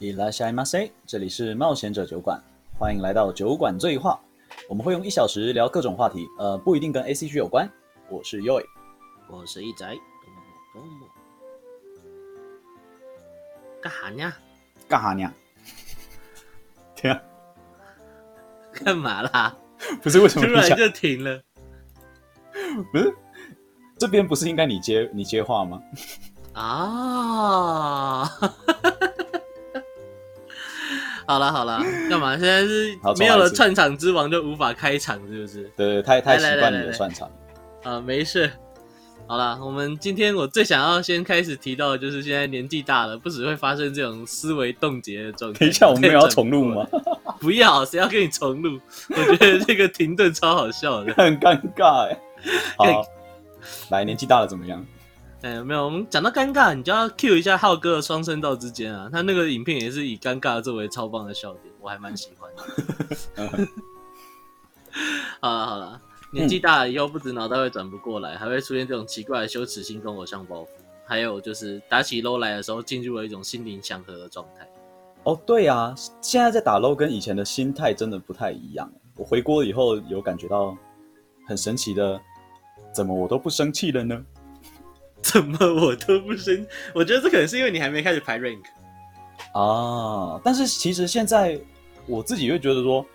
いらっしゃいませ。這裡是冒險者酒館，歡迎來到酒館醉話。我們會用一小時聊各種話題，呃，不一定跟 ACG 有關。我是 Yoae。我是一仔。跟我跟我。幹啥呢？幹啥呢？停、 啊！幹嘛啦？不是為什麼突然就停了？嗯，這邊不是應該你接你接話嗎？啊、 oh.！好了好了，幹嘛？現在是沒有了串場之王就無法開場，是不是？對，太太習慣你的串場啊，沒事。好了，我們今天我最想要先開始提到，就是現在年紀大了，不止會發生這種思維凍結的狀況。等一下，我們要重錄嗎？不要，誰要跟你重錄？我覺得這個停頓超好笑的，很尷尬哎。好，來，年紀大了怎麼樣？哎，沒有，我們講到尷尬，你就要 cue 一下浩哥的雙聲道之間啊。他那個影片也是以尷尬作為超棒的笑點，我還蠻喜歡的。嗯、 好了好了，年紀大了以後，不止腦袋會轉不過來、嗯，還會出現這種奇怪的羞恥心跟偶像包袱。還有就是打起擼來的時候，進入了一種心靈祥和的狀態。哦，對啊，現在在打擼跟以前的心態真的不太一樣。我回鍋以後有感覺到很神奇的，怎麼我都不生氣了呢？怎麼我都不生，我覺得這可能是因為你還沒開始排 rank 啊。但是其實現在我自己會覺得說，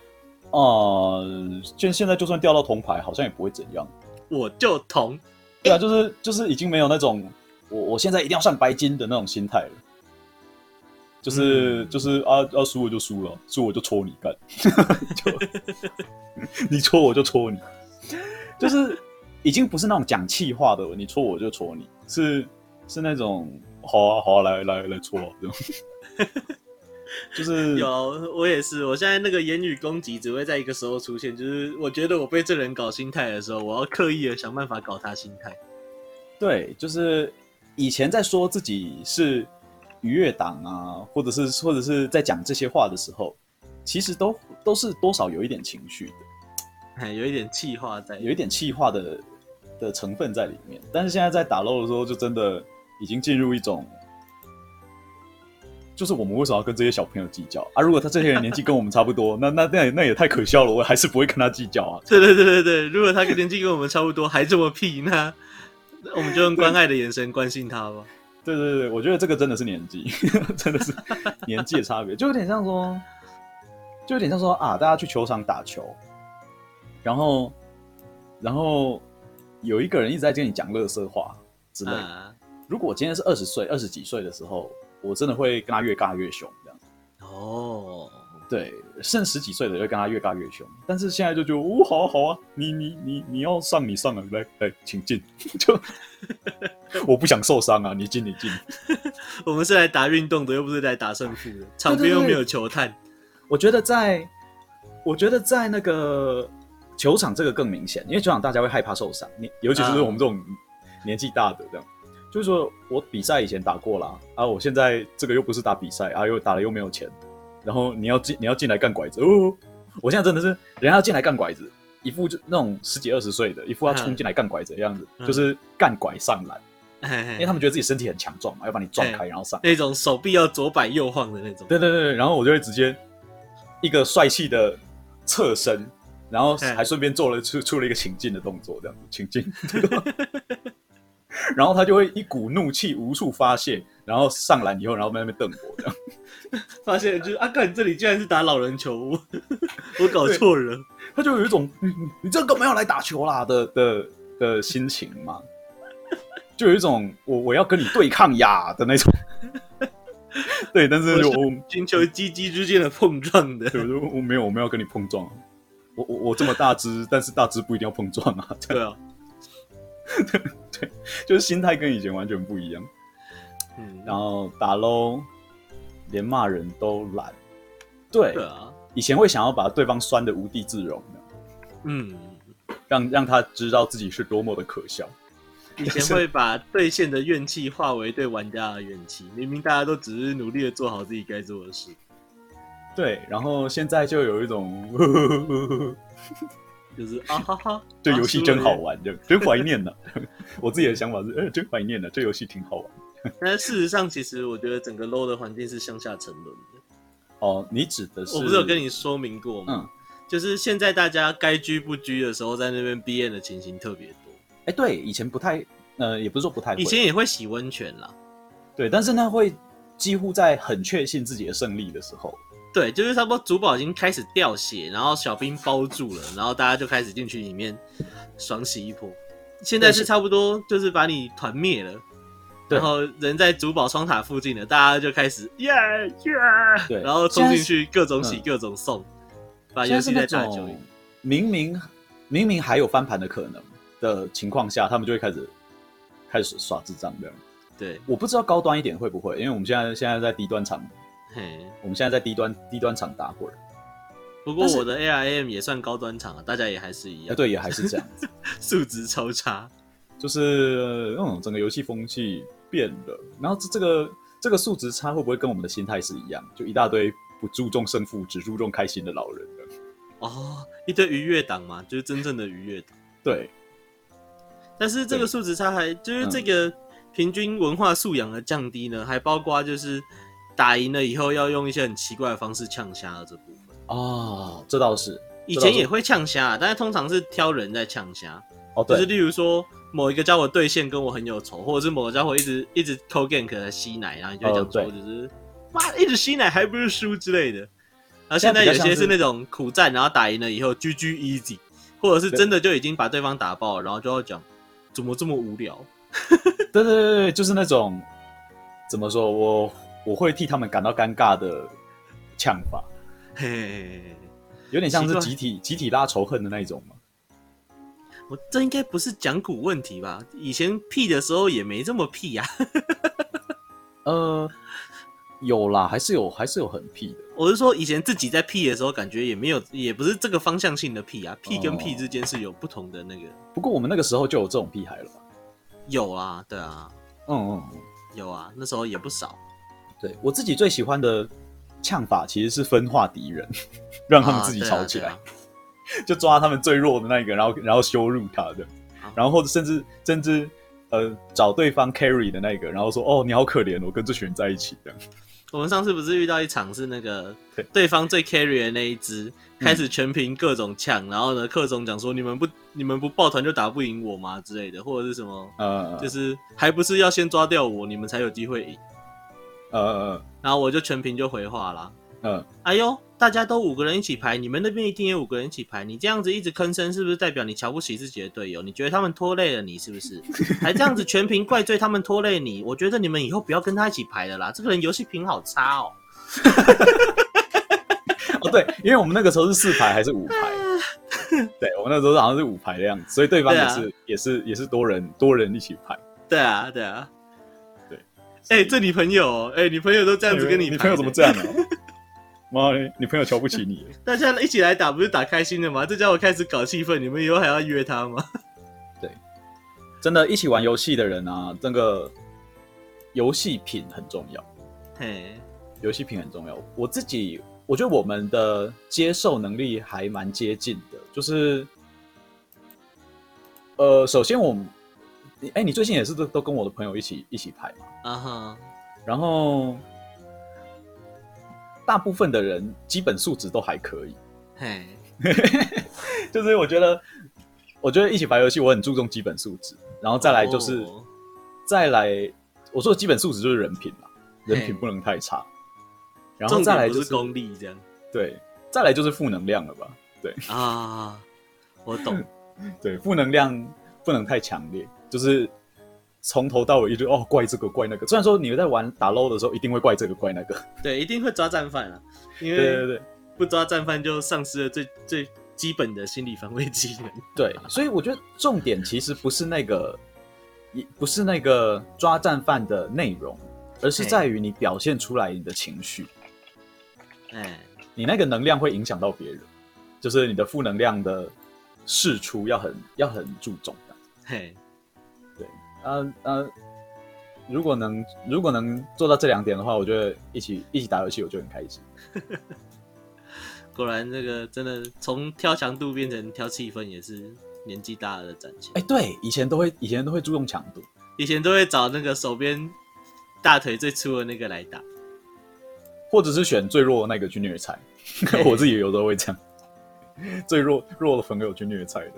呃，現現在就算掉到銅牌，好像也不會怎樣。我就銅。對啊，就是就是已經沒有那種我我現在一定要上白金的那種心態了。就是、嗯、就是啊，要輸我就輸了，輸我就戳你幹， 就 你戳我就戳你，就是。 已經不是那種講氣話的，你戳我就戳你，是是那種，好啊好啊，來來來戳， 就是有我也是，我現在那個言語攻擊只會在一個時候出現，就是我覺得我被這人搞心態的時候，我要刻意的想辦法搞他心態。對，就是以前在說自己是愉悅黨啊，或者是或者是在講這些話的時候，其實都都是多少有一點情緒的。有一點氣話在，有一點氣話的的成分在裡面。但是現在在打漏的時候，就真的已經進入一種，就是我們為什麼要跟這些小朋友計較啊？如果他這些人年紀跟我們差不多， 那那那也那也太可笑了！我還是不會跟他計較啊。對對對對對，如果他跟年紀跟我們差不多， 還這麼屁，呢，我們就用關愛的眼神關心他吧。對,對對對，我覺得這個真的是年紀， 真的是年紀的差別，就有點像說，就有點像說啊，大家去球場打球。然後，然後有一個人一直在跟你講樂色話只能，啊、如果我今天是二十歲、二十幾歲的時候，我真的會跟他越尬越凶這樣子。哦，對，剩十幾歲的就跟他越尬越凶，但是現在就覺得，哦，好啊，好啊，你你你你要上你上啊，來來，請進。 就 我不想受傷啊，你進你進。 我們是來打運動的，又不是來打勝負的， 場邊又沒有球探。 我覺得在，我覺得在那個。球場這個更明顯，因為球場大家會害怕受傷，你尤其是我們這種年紀大的這樣、啊，就是說我比賽以前打過啦啊，我現在這個又不是打比賽啊，又打了又沒有錢，然後你要進你要進來幹拐子，哦，我現在真的是人家要進來幹拐子，一副就那種十幾二十歲的，一副要衝進來幹拐子的樣子，啊、就是幹拐上籃、啊，因為他們覺得自己身體很強壯嘛，要把你撞開然後上、哎、那種手臂要左擺右晃的那種，對對對，然後我就會直接一個帥氣的側身。然後還順便做了出出了一個請進的動作，這樣子請進，對吧 然後他就會一股怒氣無處發洩，然後上籃以後，然後在那邊瞪我，就是啊，這樣發現就是阿哥，你這裡竟然是打老人球，我，我搞錯了。他就有一種，嗯、你這個幹嘛要來打球啦的的的心情嘛， 就有一種我我要跟你對抗呀的那種。 對，但是就金球嘰嘰之間的碰撞的我就，我沒有，我沒有跟你碰撞。我我這麼大只， 但是大只不一定要碰撞啊！對，對啊，對 對，就是心態跟以前完全不一樣。嗯，然後打嘍，連罵人都懶。對啊，以前會想要把對方酸的無地自容的。嗯，讓讓他知道自己是多麼的可笑。以前會把對線的怨氣化為對玩家的怨氣， 明明大家都只是努力的做好自己該做的事。對，然後現在就有一種呵呵呵呵呵，就是啊哈哈，這 遊戲真好玩，真真懷念了。 我自己的想法是，真懷念了， 這遊戲挺好玩。但是事實上，其實我覺得整個 LOL 的環境是向下沉淪的。哦，你指的是？我不是有跟你說明過嗎？嗯，就是現在大家該居不居的時候，在那邊 BM 的情形特別多。哎，對，以前不太，呃，也不是說不太，以前也會洗溫泉啦。對，但是他會幾乎在很確信自己的勝利的時候。對，就是差不多主堡已經開始掉血，然後小兵包住了，然後大家就開始進去裡面爽洗一波。現在是差不多就是把你團滅了，然後人在主堡雙塔附近了，大家就開始耶耶、yeah, yeah，然後衝進去各種洗各種送。嗯、把遊戲在這種明明明明還有翻盤的可能的情況下，他們就會開始開始耍智障這樣的，對對，我不知道高端一點會不會，因為我們現在現在在低端場。嘿， 我們現在在低端低端場打滾。不過我的 ARAM 也算高端場啊，大家也還是一樣。欸、對，也還是這樣子，素 質超差。就是，嗯，整個遊戲風氣變了。然後這這個這個素質差會不會跟我們的心態是一樣？就一大堆不注重勝負，只注重開心的老人的。哦，一堆愉悅黨嘛，就是真正的愉悅黨。對。但是這個素質差還就是這個平均文化素養的降低呢、嗯，還包括就是。打贏了以後要用一些很奇怪的方式嗆蝦的這部分哦，這倒是以前也會嗆蝦，但是通常是挑人在嗆蝦。哦，對，就是例如說某一個家伙對線跟我很有仇，或者是某個家伙一直一直偷 gank 在吸奶，然後你就會講說就是媽的，呃、一直吸奶還不是輸之類的。然後現在有些是那種苦戰，然後打贏了以後 GG easy，或者是真的就已經把對方打爆，然後就要講怎麼這麼無聊。 對對對對，就是那種怎麼說，我。我會替他們感到尷尬的嗆法，有點像是集體集體拉仇恨的那一種嘛。我這應該不是講古問題吧？以前屁的時候也沒這麼屁呀。呃，有啦，還是有，還是有很屁的。我是說，以前自己在屁的時候，感覺也沒有，也不是這個方向性的屁啊。屁跟屁之間是有不同的那個、哦。不過我們那個時候就有這種屁孩了吧。有啊，對啊，嗯嗯嗯，有啊，那時候也不少。對，我自己最喜歡的嗆法，其實是分化敵人，讓他們自己吵起來，啊啊啊、 就抓他們最弱的那一個，然後然後羞辱他的，的然後或者甚至甚至呃找對方 carry 的那一個，然後說哦你好可憐，我跟這群人在一起。這樣，我們上次不是遇到一場是那個對方最 carry 的那一隻，開始全憑各種嗆、嗯，然後呢，克總講說你們不你們不抱團就打不贏我嗎？之類的，或者是什麼呃，就是還不是要先抓掉我，你們才有機會贏。呃、uh, 呃、uh, uh, 然後我就全屏就回話啦。嗯、uh,，哎呦，大家都五個人一起排，你們那邊一定也五個人一起排。你這樣子一直吭聲，是不是代表你瞧不起自己的隊友？你覺得他們拖累了你，是不是？還這樣子全屏怪罪他們拖累你？ 我覺得你們以後不要跟他一起排了啦。這個人遊戲品好差哦。 哦對，因為我們那個時候是四排還是五排？ 對，我們那個時候好像是五排的樣子，所以對方也是、啊、也是也是多人多人一起排。對啊，對啊。對啊。哎、欸，這你朋友，哎、欸，你朋友都這樣子跟你、欸，你朋友怎麼這樣呢、啊？媽的， 你朋友瞧不起你。大家一起來打，不是打開心的嗎？這家伙開始搞氣氛，你們以後還要約他嗎？對，真的，一起玩遊戲的人啊，這個遊戲品很重要。嘿，遊戲品很重要。我自己，我覺得我們的接受能力還蠻接近的，就是，呃，首先我們。你、欸、哎，你最近也是都都跟我的朋友一起一起拍嘛？啊哈，然後大部分的人基本素質都還可以。嘿、hey. ，就是我覺得，我覺得一起玩遊戲，我很注重基本素質，然後再來就是、oh. 再來，我說的基本素質就是人品嘛，人品不能太差。Hey. 然後再來就是，是功力這樣。對，再來就是負能量了吧？對啊，uh, 我懂。 對，負能量不能太強烈。就是從頭到尾一直哦，怪這個怪那個，雖然說你們在玩打 LOL 的時候一定會怪這個怪那個，對，一定會抓戰犯啊，因為 對對對，不抓戰犯就喪失了最最基本的心理防衛機能。對，所以我覺得重點其實不是那個， 不是那個抓戰犯的內容，而是在於你表現出來你的情緒。哎、欸，你那個能量會影響到別人，就是你的負能量的釋出要很要很注重的。嘿、欸。呃呃，如果能如果能做到這兩點的話，我覺得一起一起打遊戲，我就很開心。 果然，這個真的從挑強度變成挑氣氛，也是年紀大了的展現。哎、欸，對，以前都會以前都會注重強度，以前都會找那個手邊大腿最粗的那個來打，或者是選最弱的那個去虐菜、 欸。我自己有時候會這樣， 最弱弱的朋友去虐菜的。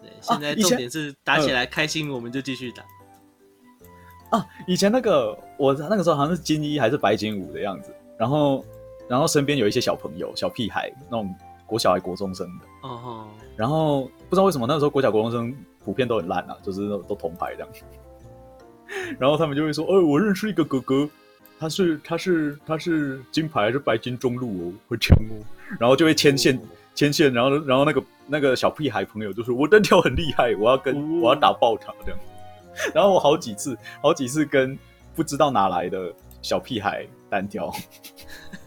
對，現在重點是、啊、打起來開心，嗯、我們就繼續打。啊，以前那個我那個時候好像是金一還是白金五的樣子，然後然後身邊有一些小朋友小屁孩那種國小還國中生的哦，uh -huh. 然後不知道為什麼那個時候國小國中生普遍都很爛啊，就是都銅牌這樣子，然後他們就會說，哦、 欸，我認識一個哥哥，他是他是他是金牌還是白金中路哦，會這樣哦，然後就會牽線牽、oh. 線，然後然後那個那個小屁孩朋友就說，我單挑很厲害，我要跟、oh. 我要打爆他這樣子。 然後我好幾次，好幾次跟不知道哪來的小屁孩單挑，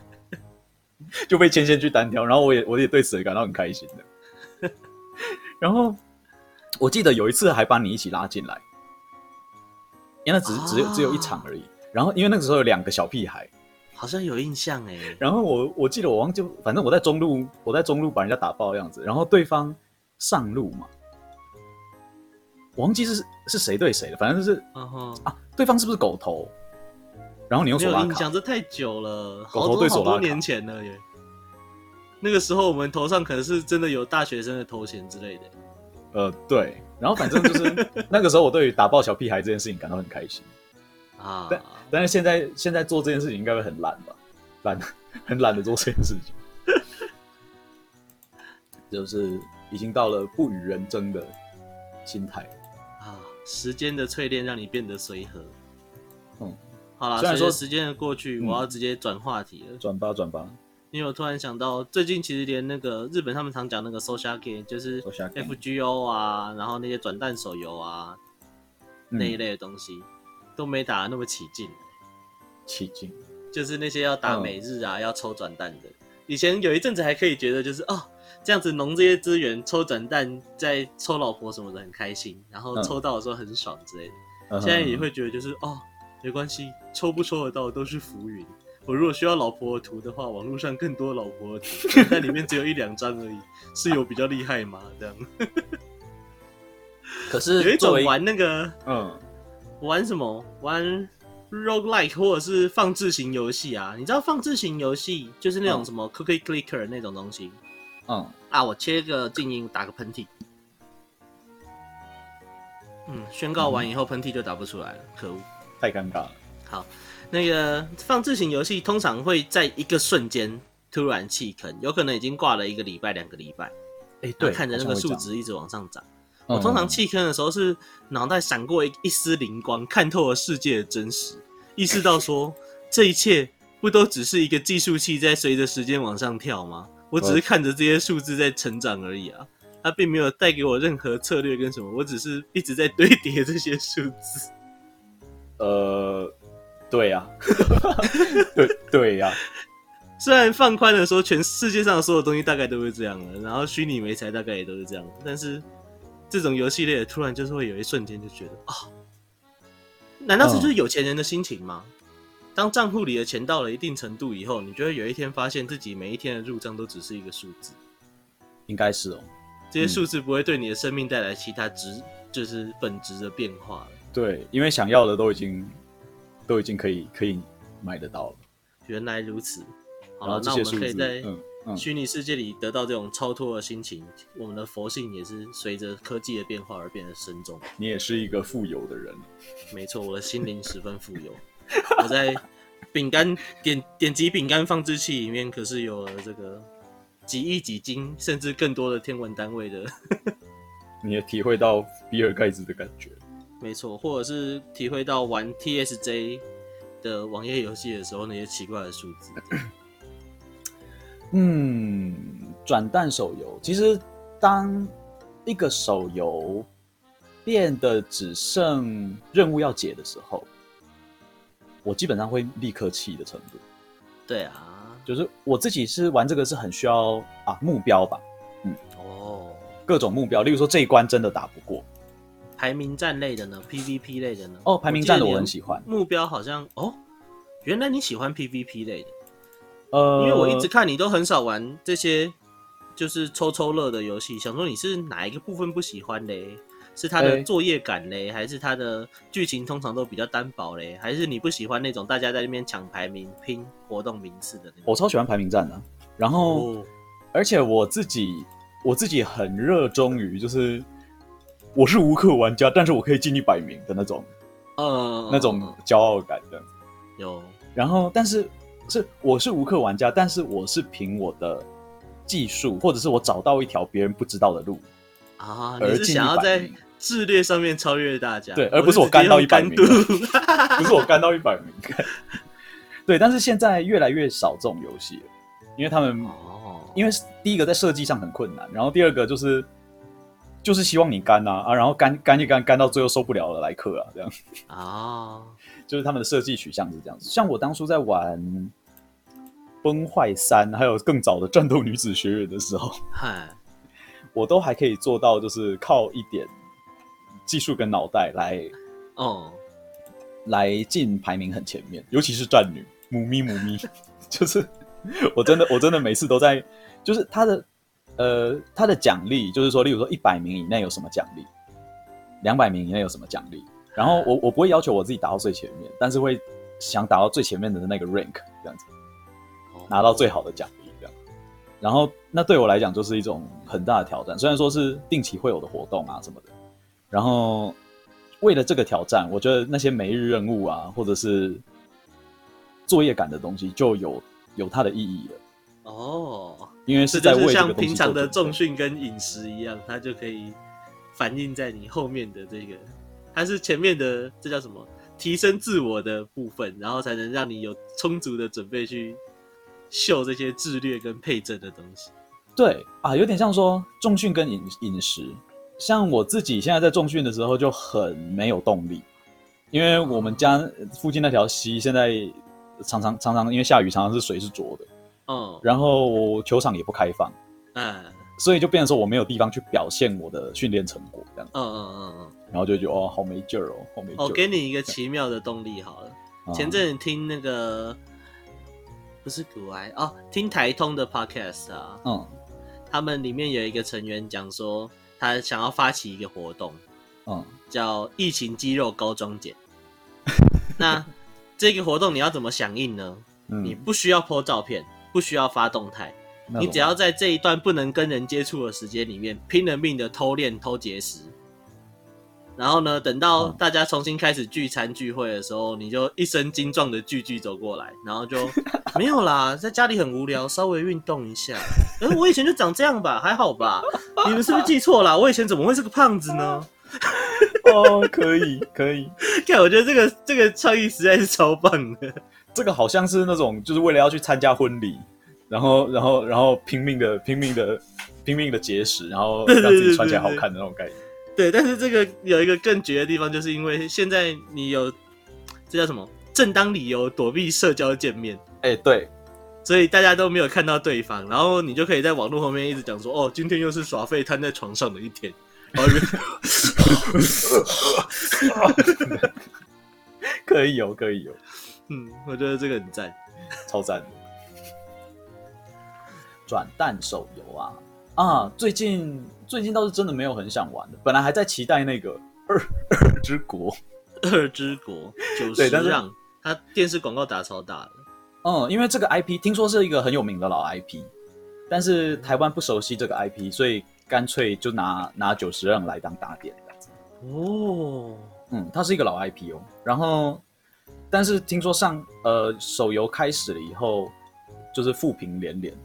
就被牽線去單挑。然後我也，我也對此感到很開心的。 然後我記得有一次還把你一起拉進來，原來只是、哦、只有只有一場而已。然後因為那個時候有兩個小屁孩，好像有印象哎。然後我我記得我忘記，反正我在中路，我在中路把人家打爆的樣子。然後對方上路嘛。忘記是是誰對誰了，反正就是、uh -huh. 啊，對方是不是狗頭？然後你又說，沒有，你想，這太久了。狗頭對手。好多，好多年前了耶。那個時候我們頭上可能是真的有大學生的頭銜之類的。呃，對。然後反正就是 那個時候，我對於打爆小屁孩這件事情感到很開心啊。 但但是現在現在做這件事情應該會很懶吧？懶，很懶得做這件事情。 就是已經到了不與人爭的心態。時間的淬鍊讓你變得隨和，嗯、好了，所以說時間的過去、嗯，我要直接轉話題了。轉吧轉吧，因為我突然想到，最近其實連那個日本他們常講那個 social game，就是 FGO 啊，嗯、然後那些轉蛋手遊啊、嗯、那一類的東西，都沒打得那麼起勁、欸。起勁，就是那些要打每日啊，嗯、要抽轉蛋的，以前有一陣子還可以覺得就是哦。這樣子弄這些資源，抽轉蛋，在抽老婆什麼的，很開心。然後抽到的時候很爽之類的。嗯 uh -huh. 現在你會覺得就是哦，沒關係，抽不抽得到都是浮雲。我如果需要老婆的圖的話，網絡上更多老婆的圖，但 裡面只有一兩張而已，是有比較厲害嘛？ 這樣。 可是有一種玩那個，嗯，玩什麼？玩 roguelike 或者是放置型遊戲啊？你知道放置型遊戲就是那種什麼 cookie clicker 那種東西。嗯嗯啊，我切個靜音，打個噴嚏。嗯，宣告完以後，噴嚏就打不出來了，嗯、可惡，太尷尬了。好，那個放置型遊戲通常會在一個瞬間突然棄坑，有可能已經掛了一個禮拜、兩個禮拜。哎、欸，對，看着那個數值一直往上漲、嗯嗯。我通常棄坑的時候是腦袋閃過一一絲靈光，看透了世界的真實，意識到說 這一切不都只是一個計數器在隨着時間往上跳嗎？我只是看着這些數字在成長而已啊，它並沒有帶給我任何策略跟什麼，我只是一直在堆疊這些數字。呃，對呀、啊， 對呀、啊。雖然放寬了說，全世界上的所有東西大概都是這樣的，然後虛擬美財大概也都是這樣的，但是這種遊戲類的突然就是會有一瞬間就覺得啊、哦，難道這就是有錢人的心情嗎？嗯當賬戶裡的錢到了一定程度以後，你就會有一天發現自己每一天的入賬都只是一個數字，應該是哦，這些數字不會對你的生命帶來其他值，嗯、就是本質的變化了。對，因為想要的都已經都已經可以可以買得到了。原來如此，好了，那我們可以在虛擬世界裡得到這種超脫的心情、嗯嗯，我們的佛性也是隨着科技的變化而變得深重。你也是一個富有的人，沒錯，我的心靈十分富有。 我在餅乾點點擊餅乾放置器裡面，可是有了這個幾億幾千，甚至更多的天文單位的。 你也體會到比爾蓋茨的感覺，沒錯，或者是體會到玩 TSJ 的網頁遊戲的時候那些奇怪的數字 。嗯，轉蛋手遊，其實當一個手遊變得只剩任務要解的時候。我基本上會立刻氣的程度，對啊，就是我自己是玩這個是很需要啊目標吧，嗯，哦，各種目標，例如說，這一關真的打不過，排名戰類的呢，PVP 類的呢，哦，排名戰的我很喜歡，目標好像哦，原來你喜歡 PVP 類的，呃，因為我一直看你都很少玩這些就是抽抽樂的遊戲，想說你是哪一個部分不喜歡嘞？是他的作業感嘞？欸，還是他的劇情通常都比較單薄嘞，還是你不喜歡那種大家在那邊搶排名，拼活動名次的那種？我超喜歡排名戰的，啊，然後、哦，而且我自己我自己很熱衷於，就是我是無氪玩家，但是我可以進一百名的那種，嗯，哦，那種驕傲感的有。然後，但是是我是無氪玩家，但是我是憑我的技術，或者是我找到一條別人不知道的路啊，而進一百名。你是想要在。智略上面超越大家，對，而不是我幹到一百名， 不是我幹到一百名。對，但是現在越來越少這種遊戲了，因為他們，哦、因為第一個在設計上很困難，然後第二個就是就是希望你幹吶啊，啊，然後幹幹就幹，幹到最後受不了了來克啊這樣哦。就是他們的設計取向是這樣子。像我當初在玩《崩壞三》還有更早的《戰鬥女子學院》的時候，嗨，我都還可以做到，就是靠一點。技術跟腦袋來，哦、oh.，來進排名很前面，尤其是戰女母咪母咪， 就是我真的，我真的每次都在，就是他的呃，他的獎勵，就是說，例如說一百名以內有什麼獎勵，兩百名以內有什麼獎勵，然後我我不會要求我自己打到最前面，但是會想打到最前面的那個 rank 這樣子，oh. 拿到最好的獎勵這樣，然後那對我來講就是一種很大的挑戰，雖然說是定期會有的活動啊什麼的。然後，為了這個挑戰，我覺得那些每日任務啊，或者是作業感的東西，就有有它的意義了。哦，因為是在為這這就是像平常的重訓跟飲食一樣，它就可以反映在你後面的這個，還是前面的，這叫什麼？提升自我的部分，然後才能讓你有充足的準備去秀這些自律跟配正的東西。對啊，有點像說重訓跟飲飲食。像我自己現在在重訓的時候就很沒有動力，因為我們家附近那條溪現在常常常常因為下雨常常是水是濁的，嗯，然後球場也不開放，嗯，所以就變成說我沒有地方去表現我的訓練成果這樣子，嗯嗯嗯嗯，嗯，然後就覺得哦好沒勁哦，好沒勁我、喔哦、給你一個奇妙的動力好了，嗯、前陣子聽那個不是古玩哦，聽台通的 podcast 啊，嗯，他們裡面有一個成員講說。他想要發起一個活動，嗯、叫“疫情肌肉高裝檢” 那這個活動你要怎麼響應呢、嗯？你不需要 po 照片，不需要發動態，你只要在這一段不能跟人接觸的時間裡面，拼了命的偷練、偷節食。然後呢，等到大家重新開始聚餐聚會的時候，你就一身精壯的巨巨走過來，然後就沒有啦。在家裡很無聊，稍微運動一下。可是、欸、我以前就長這樣吧，還好吧？你們是不是記錯了？我以前怎麼會是個胖子呢？哦，可以，可以。看，我覺得這個這個創意實在是超棒的。這個好像是那種，就是為了要去參加婚禮，然後，然後，然後拼命的、拼命的、拼命的節食，然後讓自己穿起來好看的那種概念。對，但是這個有一個更絕的地方，就是因為現在你有這叫什麼正當理由躲避社交見面，哎、欸，對，所以大家都沒有看到對方，然後你就可以在網絡後面一直講說：“哦，今天又是耍廢攤在床上的一天。 可哦”可以有，可以有，嗯，我覺得這個很讚，超讚轉蛋手遊啊。啊，最近最近倒是真的沒有很想玩的，本來還在期待那個《二二之國》，《二之國》九十讓， 他電視廣告打超大的。嗯，因為這個 IP 聽說是一個很有名的老 IP，但是台灣不熟悉這個 IP，所以乾脆就拿拿九十讓來當打點的。哦、oh.，嗯，他是一個老 IP 哦，然後但是聽說上呃手遊開始了以後，就是負評連連。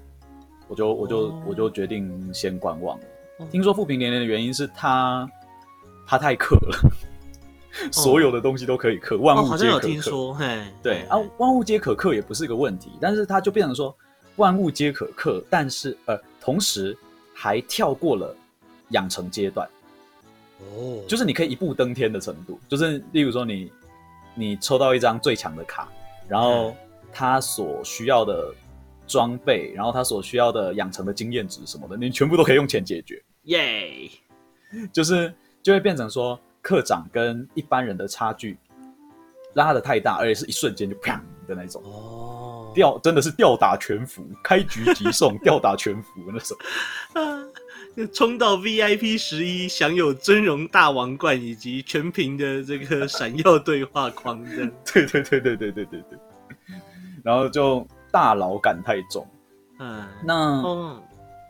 我就、oh. 我就我就決定先觀望。Oh. 聽說富平連連的原因是他他太克了，oh. 所有的東西都可以克，萬物皆可克、oh，。對、oh. 啊，萬物皆可克也不是一個問題，oh. 但是他就變成說萬物皆可克，但是呃，同時還跳過了養成階段。哦、oh.，就是你可以一步登天的程度，就是例如說你你抽到一張最強的卡，然後他所需要的。裝備，然後他所需要的養成的經驗值什麼的，你全部都可以用錢解決，耶、yeah!！就是就會變成說，課長跟一般人的差距拉得太大，而且是一瞬間就啪的那種，哦、oh.，吊，真的是吊打全服，開局即送 吊打全服那種啊！ 衝到 VIP 十一，享有尊榮大王冠以及全屏的這個閃耀對話框的， 對，對，對對對對對對對對， 然後就。大佬感太重，嗯，那，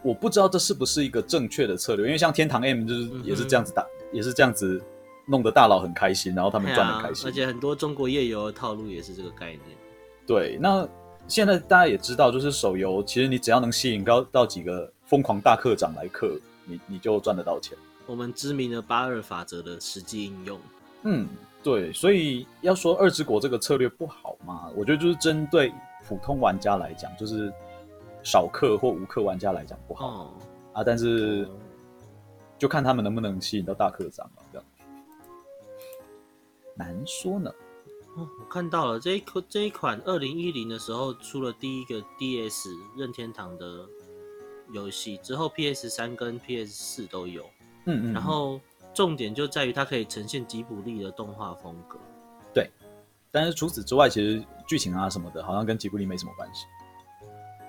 我不知道這是不是一個正確的策略，因為像天堂 M 就是也是這樣子打，嗯、也是這樣子弄得大佬很開心，然後他們賺得開心、啊，而且很多中國頁遊的套路也是這個概念。對，那現在大家也知道，就是手遊其實你只要能吸引到到幾個瘋狂大課長來課你，你就賺得到錢。我們知名的八二法則的實際應用，嗯，對，所以要說二之國這個策略不好嘛？我覺得就是針對。.普通玩家來講，就是少課或無課玩家來講不好，哦，啊，但是就看他們能不能吸引到大課長了，要難說呢。哦，我看到了這一顆這一款，二零一零的時候出了第一個 D S 任天堂的遊戲之後，P S 三跟 P S 四都有，嗯，嗯嗯，然後重點就在於它可以呈現吉卜力的動畫風格。但是除此之外，其實劇情啊什麼的，好像跟吉卜力沒什麼關係。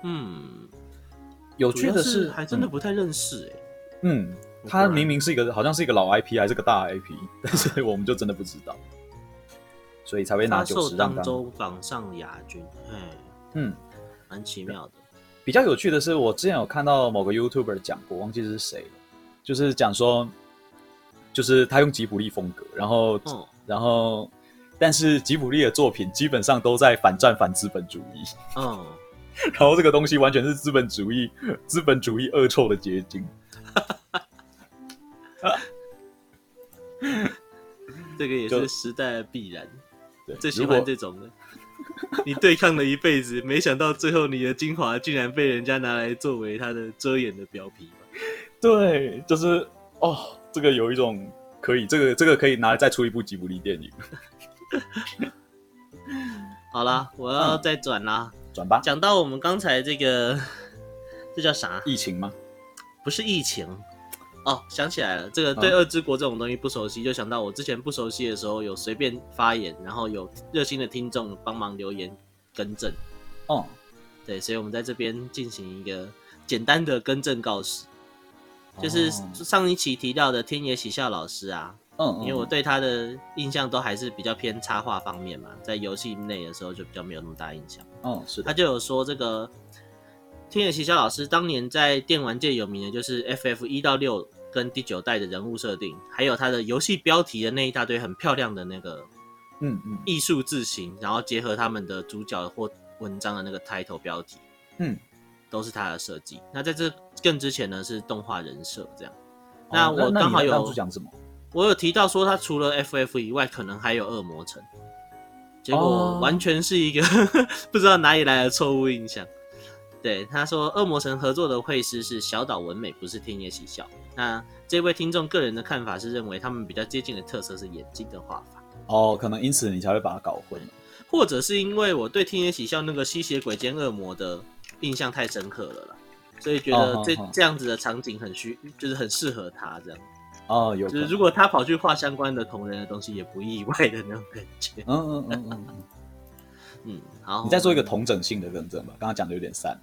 嗯，有趣的是，嗯、還真的不太認識、欸、嗯，他明明是一個，好像是一個老 IP 還是個大 IP，但是我們就真的不知道，所以才會拿九十讓周榜上亞軍。哎，嗯，蠻奇妙的、嗯。比較有趣的是，我之前有看到某個 YouTuber 講過，忘記是誰了，就是講說，就是他用吉卜力風格，然後，哦、然後。但是吉卜力的作品基本上都在反戰、反資本主義。嗯，然後這個東西完全是資本主義、資本主義惡臭的結晶。 啊、這個也是時代的必然，對。最喜歡這種的。你對抗了一輩子， 沒想到最後你的精華竟然被人家拿來作為他的遮掩的表皮。對，就是哦，這個有一種可以，這個這個可以拿來再出一部吉卜力電影。 好啦，我要再轉啦。轉、嗯、吧。講到我們剛才這個，這叫啥？疫情嗎？不是疫情。哦，想起來了，這個對《二之國》這種東西不熟悉、哦，就想到我之前不熟悉的時候，有隨便發言，然後有熱心的聽眾幫忙留言更正。哦，對，所以我們在這邊進行一個簡單的更正告示、哦，就是上一期提到的天野喜孝老師啊。嗯，因為我對他的印象都還是比較偏插畫方面嘛，在遊戲內的時候就比較沒有那麼大印象。哦，是。他就有說這個天野喜孝老師當年在電玩界有名的就是 FF 一到六跟第九代的人物設定，還有他的遊戲標題的那一大堆很漂亮的那個嗯嗯藝術字型，然後結合他們的主角或文章的那個 title 標題，嗯，都是他的設計。那在這更之前呢，是動畫人設這樣。那我剛好有。我有提到說，他除了 FF 以外，可能還有惡魔城。結果完全是一個、oh. 不知道哪裡來的錯誤印象。對，他說惡魔城合作的繪師是小島文美，不是天野喜孝。那這位聽眾個人的看法是認為他們比較接近的特色是眼睛的畫法。哦、oh,，可能因此你才會把它搞混，或者是因為我對天野喜孝那個吸血鬼兼惡魔的印象太深刻了啦，所以覺得這 oh, oh, oh. 這樣子的場景很虛，就是很適合他這樣。哦，有。就是、如果他跑去畫相關的同人的東西，也不意外的那種感覺。嗯嗯嗯嗯, 嗯。好。你再做一個同整性的認證吧、嗯？剛剛講的有點散。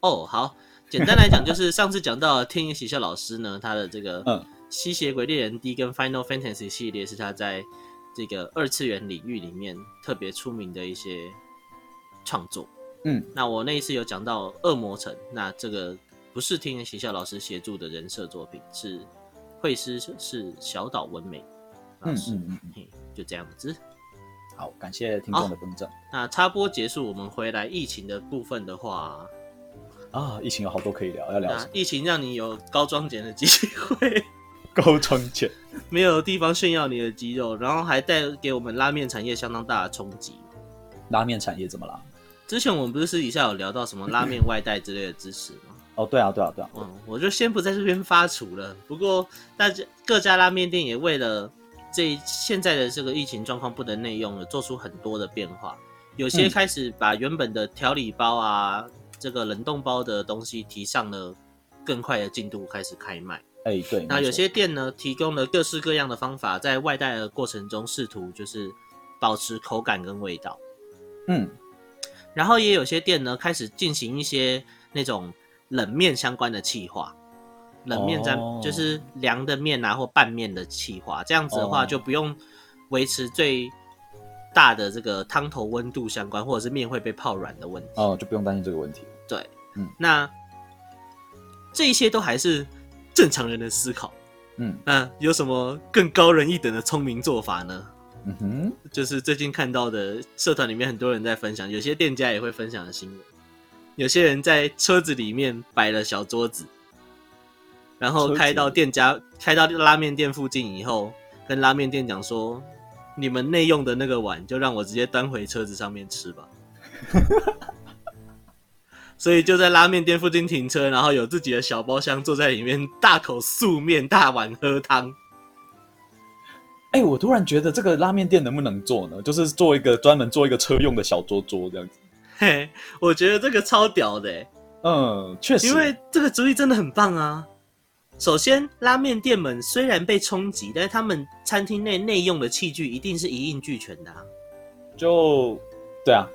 哦，好。簡單來講，就是上次講到《天野喜孝老師》呢， 他的這個《吸血鬼獵人 D》跟《Final Fantasy》系列是他在這個二次元領域裡面特別出名的一些創作。嗯。那我那一次有講到《惡魔城》，那這個不是天野喜孝老師協助的人設作品，是。繪師是小島文美，嗯，嗯，嗯就這樣子。好，感謝聽眾的更正、哦。那插播結束，我們回來疫情的部分的話，啊，疫情有好多可以聊，要聊。疫情讓你有高壯健的機會，高壯健 沒有地方炫耀你的肌肉，然後還帶給我們拉麵產業相當大的衝擊。拉麵產業怎麼了？之前我們不是私底下有聊到什麼拉麵外帶之類的知識嗎？ 哦、對啊，對啊，對啊，對啊，嗯，我就先不在這邊發廚了。不過，大家各家拉麵店也為了這現在的這個疫情狀況不能內用了，做出很多的變化。有些開始把原本的調理包啊、嗯，這個冷凍包的東西提上了更快的進度開始開賣。哎，對。那有些店呢，提供了各式各樣的方法，在外帶的過程中試圖就是保持口感跟味道。嗯，然後也有些店呢，開始進行一些那種。冷麵相關的企劃，冷麵沾，哦、就是涼的麵啊，或拌麵的企劃，這樣子的話就不用維持最大的這個湯頭溫度相關，或者是麵會被泡軟的問題哦，就不用擔心這個問題。對，嗯，那這一些都還是正常人的思考，嗯，那有什麼更高人一等的聰明做法呢？嗯哼，就是最近看到的社團裡面很多人在分享，有些店家也會分享的新聞。有些人在車子裡面擺了小桌子，然後開到店家，開到拉麵店附近以後，跟拉麵店講說：“你們內用的那個碗，就讓我直接端回車子上面吃吧。 ”所以就在拉麵店附近停車，然後有自己的小包廂，坐在裡面大口素麵、大碗喝湯。哎、欸，我突然覺得這個拉麵店能不能做呢？就是做一個專門做一個車用的小桌桌這樣子。嘿、hey，我覺得這個超屌的、欸，嗯，確實，因為這個主意真的很棒啊。首先，拉麵店們雖然被衝擊，但是他們餐廳內內用的器具一定是一應俱全的、啊。就，對啊。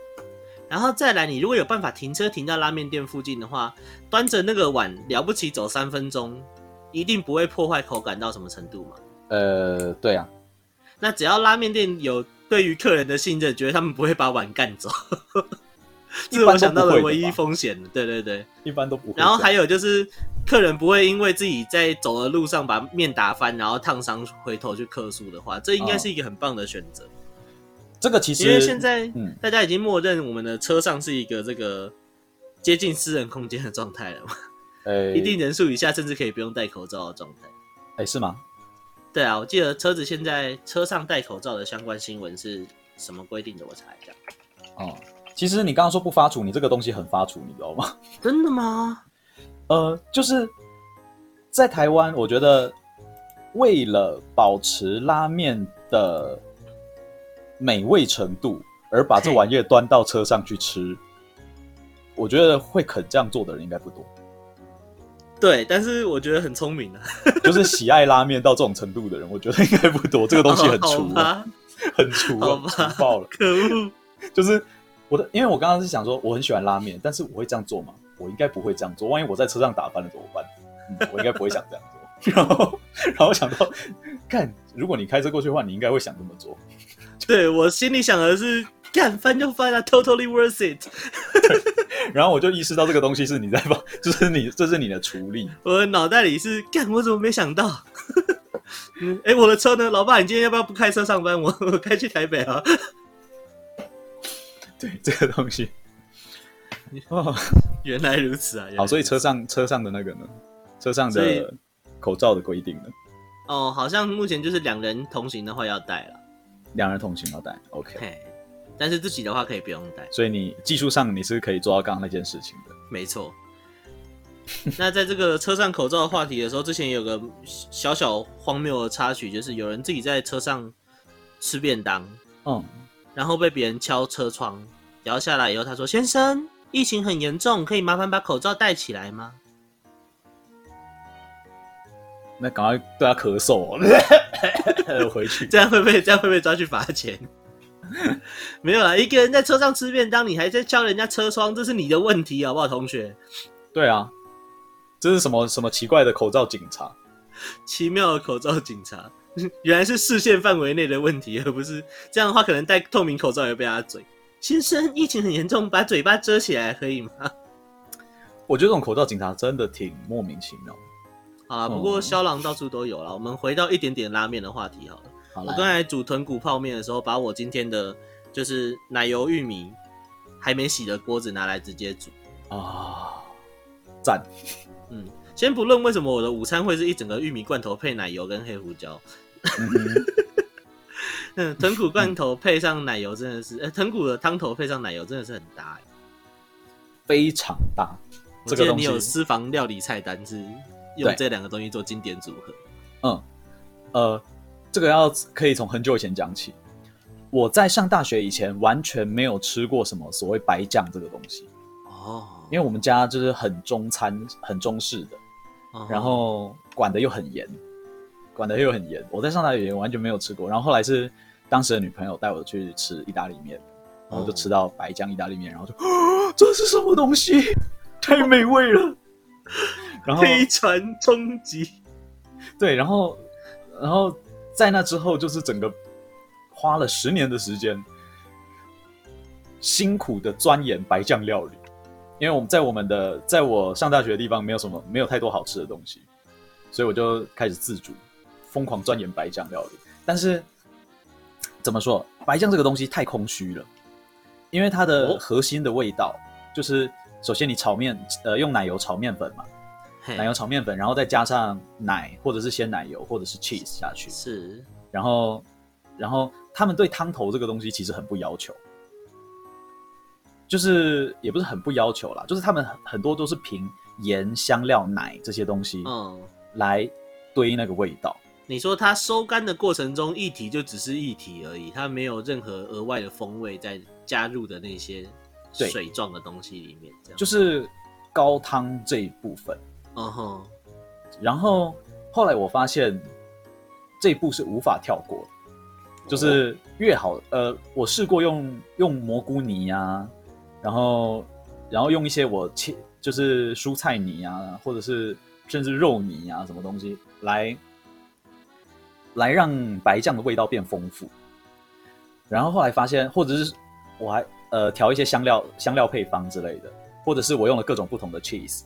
然後再來，你如果有辦法停車停到拉麵店附近的話，端着那個碗了不起走三分鐘，一定不會破壞口感到什麼程度嘛。呃，對啊。那只要拉麵店有對於客人的信任，覺得他們不會把碗幹走。 一般是我想到的唯一風險，對對對，一般都不會。然後還有就是，客人不會因為自己在走的路上把麵打翻，然後燙傷，回頭去客訴的話，這應該是一個很棒的選擇。哦。這個其實，因為現在大家已經默認我們的車上是一個這個接近私人空間的狀態了嘛。哎，一定人數以下甚至可以不用戴口罩的狀態。哎，是嗎？對啊，我記得車子現在車上戴口罩的相關新聞是什麼規定的？我查一下。哦。其實你剛剛說不發廚，你這個東西很發廚，你知道嗎？真的嗎？呃，就是在台灣，我覺得為了保持拉面的美味程度，而把這玩意兒端到車上去吃，我覺得會肯這樣做的人應該不多。對，但是我覺得很聰明啊。 就是喜愛拉面到這種程度的人，我覺得應該不多。這個東西很廚啊，很廚啊，廚爆了！可惡，就是。我的，因為我剛剛是想說我很喜歡拉麵，但是我會這樣做嗎？我應該不會這樣做。萬一我在車上打翻了怎麼辦？嗯，我應該不會想這樣做。 然後，然後想到，幹，如果你開車過去的話，你應該會想這麼做。對，我心裡想的是，幹，翻就翻啊，totally worth it。 然後我就意識到這個東西是你在把，就是你，這是你的廚力。我的腦袋裡是幹，我怎麼沒想到？哎、 嗯欸，我的車呢？老爸，你今天要不要不開車上班？我，我開去台北啊。對這個東西哦，原來如此啊！好，所以車上車上的那個呢？車上的口罩的規定呢？哦，好像目前就是兩人同行的話要戴了，兩人同行要戴。OK，但是自己的話可以不用戴。所以你技術上你是可以做到剛剛那件事情的。沒錯。那在這個車上口罩的話題的時候，之前有個小小荒謬的插曲，就是有人自己在車上吃便當。嗯。然後被別人敲車窗，搖下來以後，他說：“先生，疫情很嚴重，可以麻煩把口罩戴起來嗎？”那趕快對他咳嗽、哦，又 回去。這樣會被這樣會被抓去罰錢？ 沒有啊，一個人在車上吃便當，你還在敲人家車窗，這是你的問題好不好，同學？對啊，這是什麼什麼奇怪的口罩警察？奇妙的口罩警察。原來是視線範圍內的問題，而不是這樣的話，可能戴透明口罩也被他嘴。先生，疫情很嚴重，把嘴巴遮起來可以嗎？我覺得這種口罩警察真的挺莫名其妙。啊，不過肖狼到處都有了，嗯。我們回到一點點拉麵的話題好了。好了。我剛才煮豚骨泡麵的時候，把我今天的就是奶油玉米還沒洗的鍋子拿來直接煮。啊，讚。嗯，先不論為什麼我的午餐會是一整個玉米罐頭配奶油跟黑胡椒。 嗯，豚骨罐頭配上奶油真的是，呃、嗯，豚、欸、骨的湯頭配上奶油真的是很搭，欸，非常搭。我記得這個你有私房料理菜單是用這兩個東西做經典組合。嗯，呃，這個要可以從很久以前講起。我在上大學以前完全沒有吃過什麼所謂白醬這個東西。哦，因為我們家就是很中餐、很中式的。哦、然後管得又很嚴，管的又很嚴，我在上大學，也完全沒有吃過。然後後來是當時的女朋友帶我去吃意大利麵，哦，然後就吃到白醬意大利麵，然後就、哦、這是什麼東西？太美味了，哦、然後非常衝擊。對，然後然後在那之後，就是整個花了十年的時間，辛苦的鑽研白醬料理。因為我們在我們的在我上大學的地方，沒有什麼沒有太多好吃的東西，所以我就開始自主。瘋狂鑽研白醬料理，但是怎麼說，白醬這個東西太空虛了，因為它的核心的味道、哦、就是：首先你炒麵，呃，用奶油炒麵粉嘛，奶油炒麵粉，然後再加上奶或者是鮮奶油或者是 cheese 下去，是，是，然後，然後他們對湯頭這個東西其實很不要求，就是也不是很不要求啦，就是他們很多都是憑鹽、香料、奶這些東西，嗯、哦，來堆那個味道。你說它收乾的過程中，液體，就只是液體而已，它沒有任何額外的風味在加入的那些水狀的東西裡面，這樣就是高湯這一部分。哼、uh-huh.，然後後來我發現這一步是無法跳過，就是越好、oh. 呃，我試過用用蘑菇泥啊，然後然後用一些我切就是蔬菜泥啊，或者是甚至肉泥啊什麼東西來。來讓白醬的味道變豐富，然後後來發現，或者是我還呃調一些香料、香料配方之類的，或者是我用了各種不同的 cheese，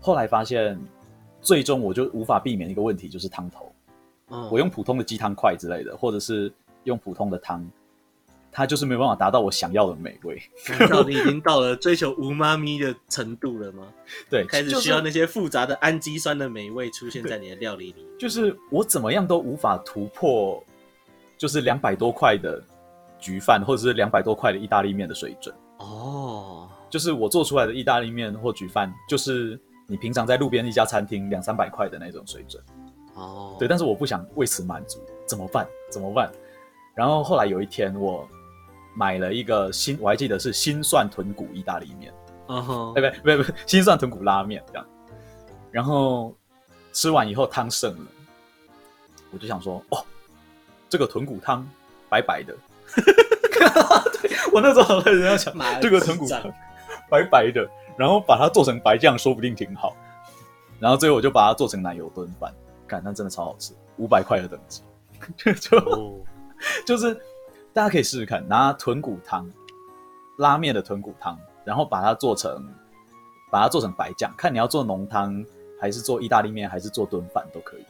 後來發現，最終我就無法避免一個問題，就是湯頭。嗯，我用普通的雞湯塊之類的，或者是用普通的湯。它就是沒辦法達到我想要的美味。你、啊、到底已經到了追求無媽咪的程度了嗎？ 對，開始需要那些複雜的氨基酸的美味出現在你的料理裡。就是我怎麼樣都無法突破，就是兩百多塊的焗飯，或者是兩百多塊的意大利麵的水準。哦、oh.，就是我做出來的意大利麵或焗飯，就是你平常在路邊一家餐廳兩三百塊的那種水準。哦、oh.，對，但是我不想為此滿足，怎麼辦？怎麼辦？然後後來有一天我，買了一個新，我還記得是新蒜豚骨意大利麵，哦、uh、哈 -huh.，哎不不不新蒜豚骨拉麵這樣。然後吃完以後湯剩了，我就想說，哦，這個豚骨湯白白的，哈哈哈哈哈！我那時候好像人家想 買這個豚骨湯白白的，然後把它做成白醬，說不定挺好。然後最後我就把它做成奶油燉飯，幹，那真的超好吃，五百塊的等級， 就，oh. 就是。大家可以試試看，拿豚骨湯拉麵的豚骨湯，然後把它做成，把它做成白醬，看你要做濃湯還是做意大利麵還是做燉飯都可以。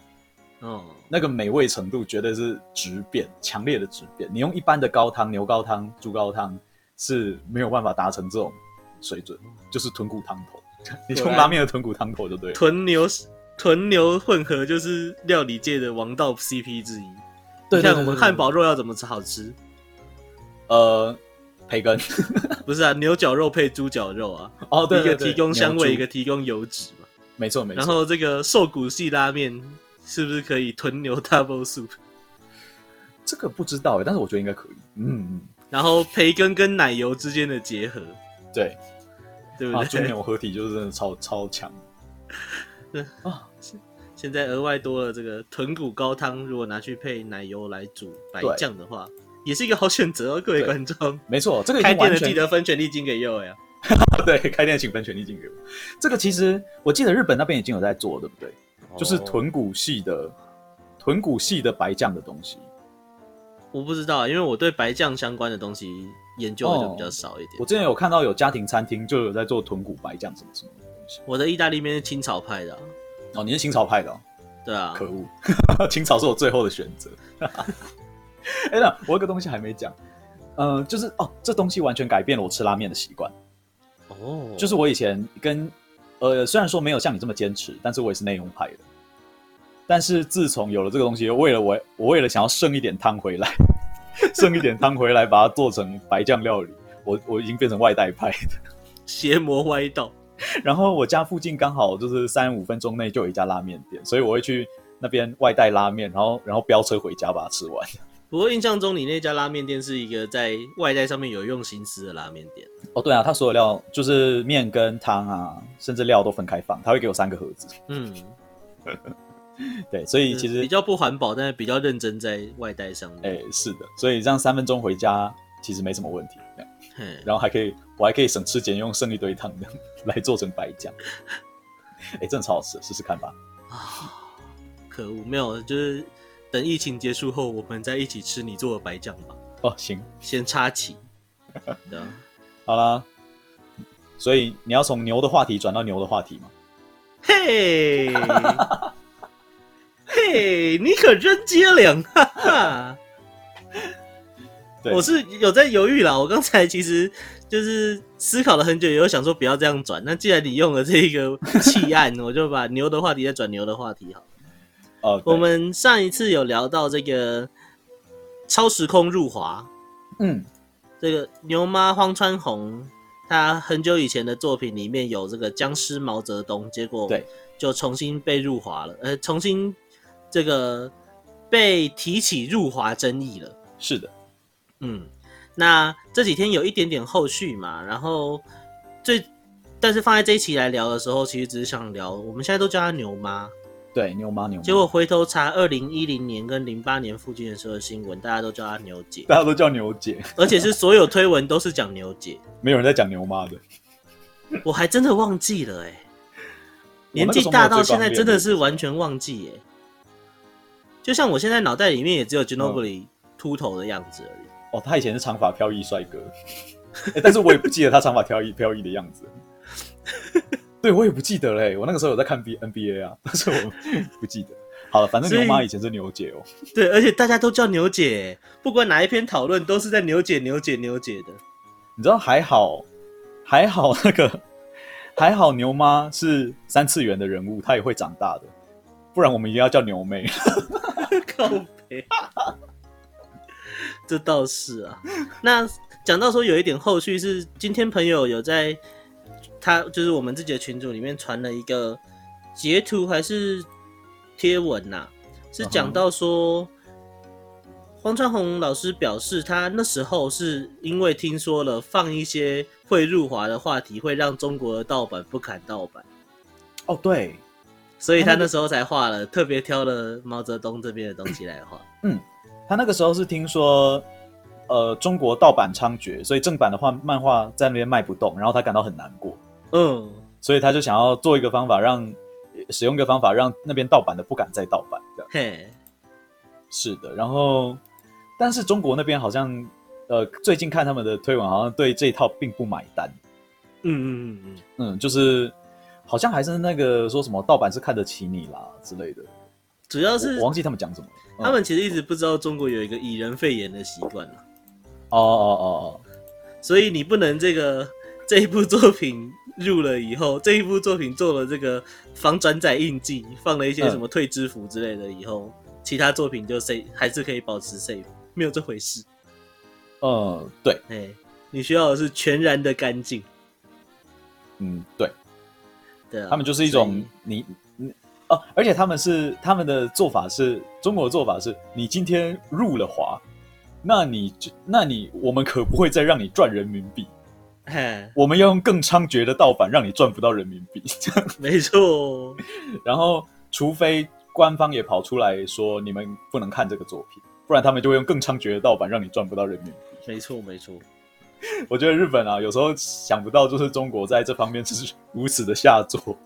嗯、哦，那個美味程度絕對是質變，強烈的質變。你用一般的高湯，牛高湯、豬高湯是沒有辦法達成這種水準，就是豚骨湯頭。 你用拉麵的豚骨湯頭就對了。豚牛豚牛混合就是料理界的王道 CP 之一。對，對，對，對，對，像我們漢堡肉要怎麼好吃？呃，培根 不是啊，牛絞肉配豬絞肉啊。哦對對對，一個提供香味，一個提供油脂。沒錯，沒錯。然後這個瘦骨系拉麵是不是可以豚牛 double soup？這個不知道哎，但是我覺得應該可以。嗯。然後培根跟奶油之間的結合，對，對不對？啊，豬牛合體就是真的超超強。 現在額外多了這個豚骨高湯，如果拿去配奶油來煮白醬的話。也是一個好選擇哦，各位觀眾。沒錯，這個已經完全開店的記得分權利金給 Yoae 呀。 對，開店的請分權利金給我。這個其實我記得日本那邊已經有在做，對不對？哦、就是豚骨系的，豚骨系的白醬的東西。我不知道，因為我對白醬相關的東西研究的就比較少一點、哦。我之前有看到有家庭餐廳就有在做豚骨白醬什麼什麼的東西。我的意大利面是清炒派的哦,哦，你是清炒派的、哦？對啊。可惡， 清炒是我最後的選擇。 哎、欸、呀，我一個東西還沒講，嗯、呃，就是哦，這東西完全改變了我吃拉面的習慣。哦、oh.，就是我以前跟呃，雖然說沒有像你這麼堅持，但是我也是內容派的。但是自從有了這個東西，為了我，我為了想要剩一點湯回來， 剩一點湯回來把它做成白醬料理，我我已經變成外帶派的邪魔歪道。然後我家附近剛好就是三五分鐘內就有一家拉面店，所以我會去那邊外帶拉麵，然後然後飆車回家把它吃完。不過印象中，你那家拉麵店是一個在外帶上面有用心思的拉麵店哦。對啊，他所有料就是麵跟湯啊，甚至料都分開放，他會給我三個盒子。嗯， 對，所以其實、嗯、比較不環保，但是比較認真在外帶上面。哎、欸，是的，所以讓三分鐘回家其實沒什麼問題、嗯。然後還可以，我還可以省吃儉用剩一堆湯的來做成白醬。哎、 欸，真的超好吃，試試看吧。可惡，沒有，就是。等疫情結束後，我們再一起吃你做的白醬吧。哦，行，先插起。 好啦。所以你要從牛的話題轉到牛的話題嗎？嘿、hey，嘿、 hey，你可真機靈哈哈。 我是有在猶豫啦，我剛才其實就是思考了很久，也有想說不要這樣轉。那既然你用了這一個棄案， 我就把牛的話題再轉牛的話題好，好。Oh, 我們上一次有聊到這個超時空辱華，嗯，這個牛媽荒川弘，他很久以前的作品裡面有這個殭屍毛澤東，結果對，就重新被辱華了，呃，重新這個被提起辱華爭議了。是的，嗯，那這幾天有一點點後續嘛，然後最但是放在這一期來聊的時候，其實只是想聊，我們現在都叫他牛媽。對，牛媽牛媽，結果回頭查二零一零年跟零八年附近的時候的新聞，大家都叫她牛姐，大家都叫牛姐，而且是所有推文都是講牛姐， 沒有人在講牛媽的。我還真的忘記了哎、欸，年紀大到現在真的是完全忘記哎、欸。就像我現在腦袋裡面也只有 Ginobili 禿頭的樣子而已。哦，他以前是長髮飄逸帥哥、欸，但是我也不記得他長髮飄逸飄 逸的樣子。對，我也不記得嘞、欸。我那個時候有在看 B N B A 啊，但是我不記得。好了，反正牛媽以前是牛姐哦。對，而且大家都叫牛姐、欸，不管哪一篇討論都是在牛姐、牛姐、牛姐的。你知道還好，還好那個還好牛媽是三次元的人物，她也會長大的，不然我們一定要叫牛妹。別 告白 這倒是啊。那講到說有一點後續是，今天朋友有在。他就是我們自己的群組裡面傳了一個截圖還是貼文吶、啊，是講到說黃川紅老師表示他那時候是因為聽說了放一些會入華的話題會讓中國的盜版不敢盜版。哦，對，所以他那時候才畫了、那個，特別挑了毛澤東這邊的東西來畫。嗯，他那個時候是聽說呃，中國盜版猖獗，所以正版的畫漫畫在那邊賣不動，然後他感到很難過。嗯，所以他就想要做一個方法讓，讓使用一個方法，讓那邊盜版的不敢再盜版的。嘿，是的。然後，但是中國那邊好像，呃，最近看他們的推廣，好像對這一套並不買單。嗯嗯嗯嗯，嗯，就是好像還是那個說什麼盜版是看得起你啦之類的。主要是我，我忘記他們講什麼了。他們其實一直不知道中國有一個以人廢言的習慣。嗯。哦哦哦哦，所以你不能這個這一部作品。入了以後，這一部作品做了這個防轉載印記，放了一些什麼退支符之類的。以後、嗯、其他作品就誰還是可以保持 safe 沒有這回事。嗯對，哎、欸，你需要的是全然的乾淨。嗯，對，對、啊，他們就是一種你你哦，而且他們是他們的做法是，中國的做法是，你今天入了華，那你就那你我們可不會再讓你賺人民幣。 我們要用更猖獗的盜版，讓你賺不到人民幣。 沒錯，然後除非官方也跑出來說你們不能看這個作品，不然他們就會用更猖獗的盜版，讓你賺不到人民幣。沒錯，沒錯。我覺得日本啊，有時候想不到就是中國在這方面只是如此的下作，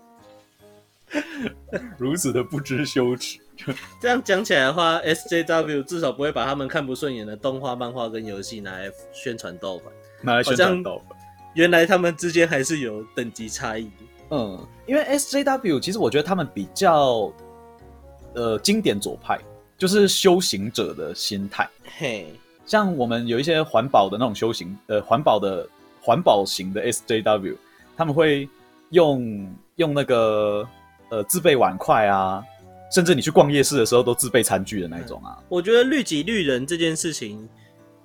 如此的不知羞恥 。這樣講起來的話，SJW 至少不會把他們看不順眼的動畫、漫畫跟遊戲拿來宣傳盜版，拿來宣傳盜版。原來他們之間還是有等級差異的。嗯，因為 SJW 其實我覺得他們比較，呃，經典左派就是修行者的心態。嘿，像我們有一些環保的那種修行，呃，環保的環保型的 SJW，他們會用用那個呃自備碗筷啊，甚至你去逛夜市的時候都自備餐具的那種啊。嗯，我覺得律己律人這件事情，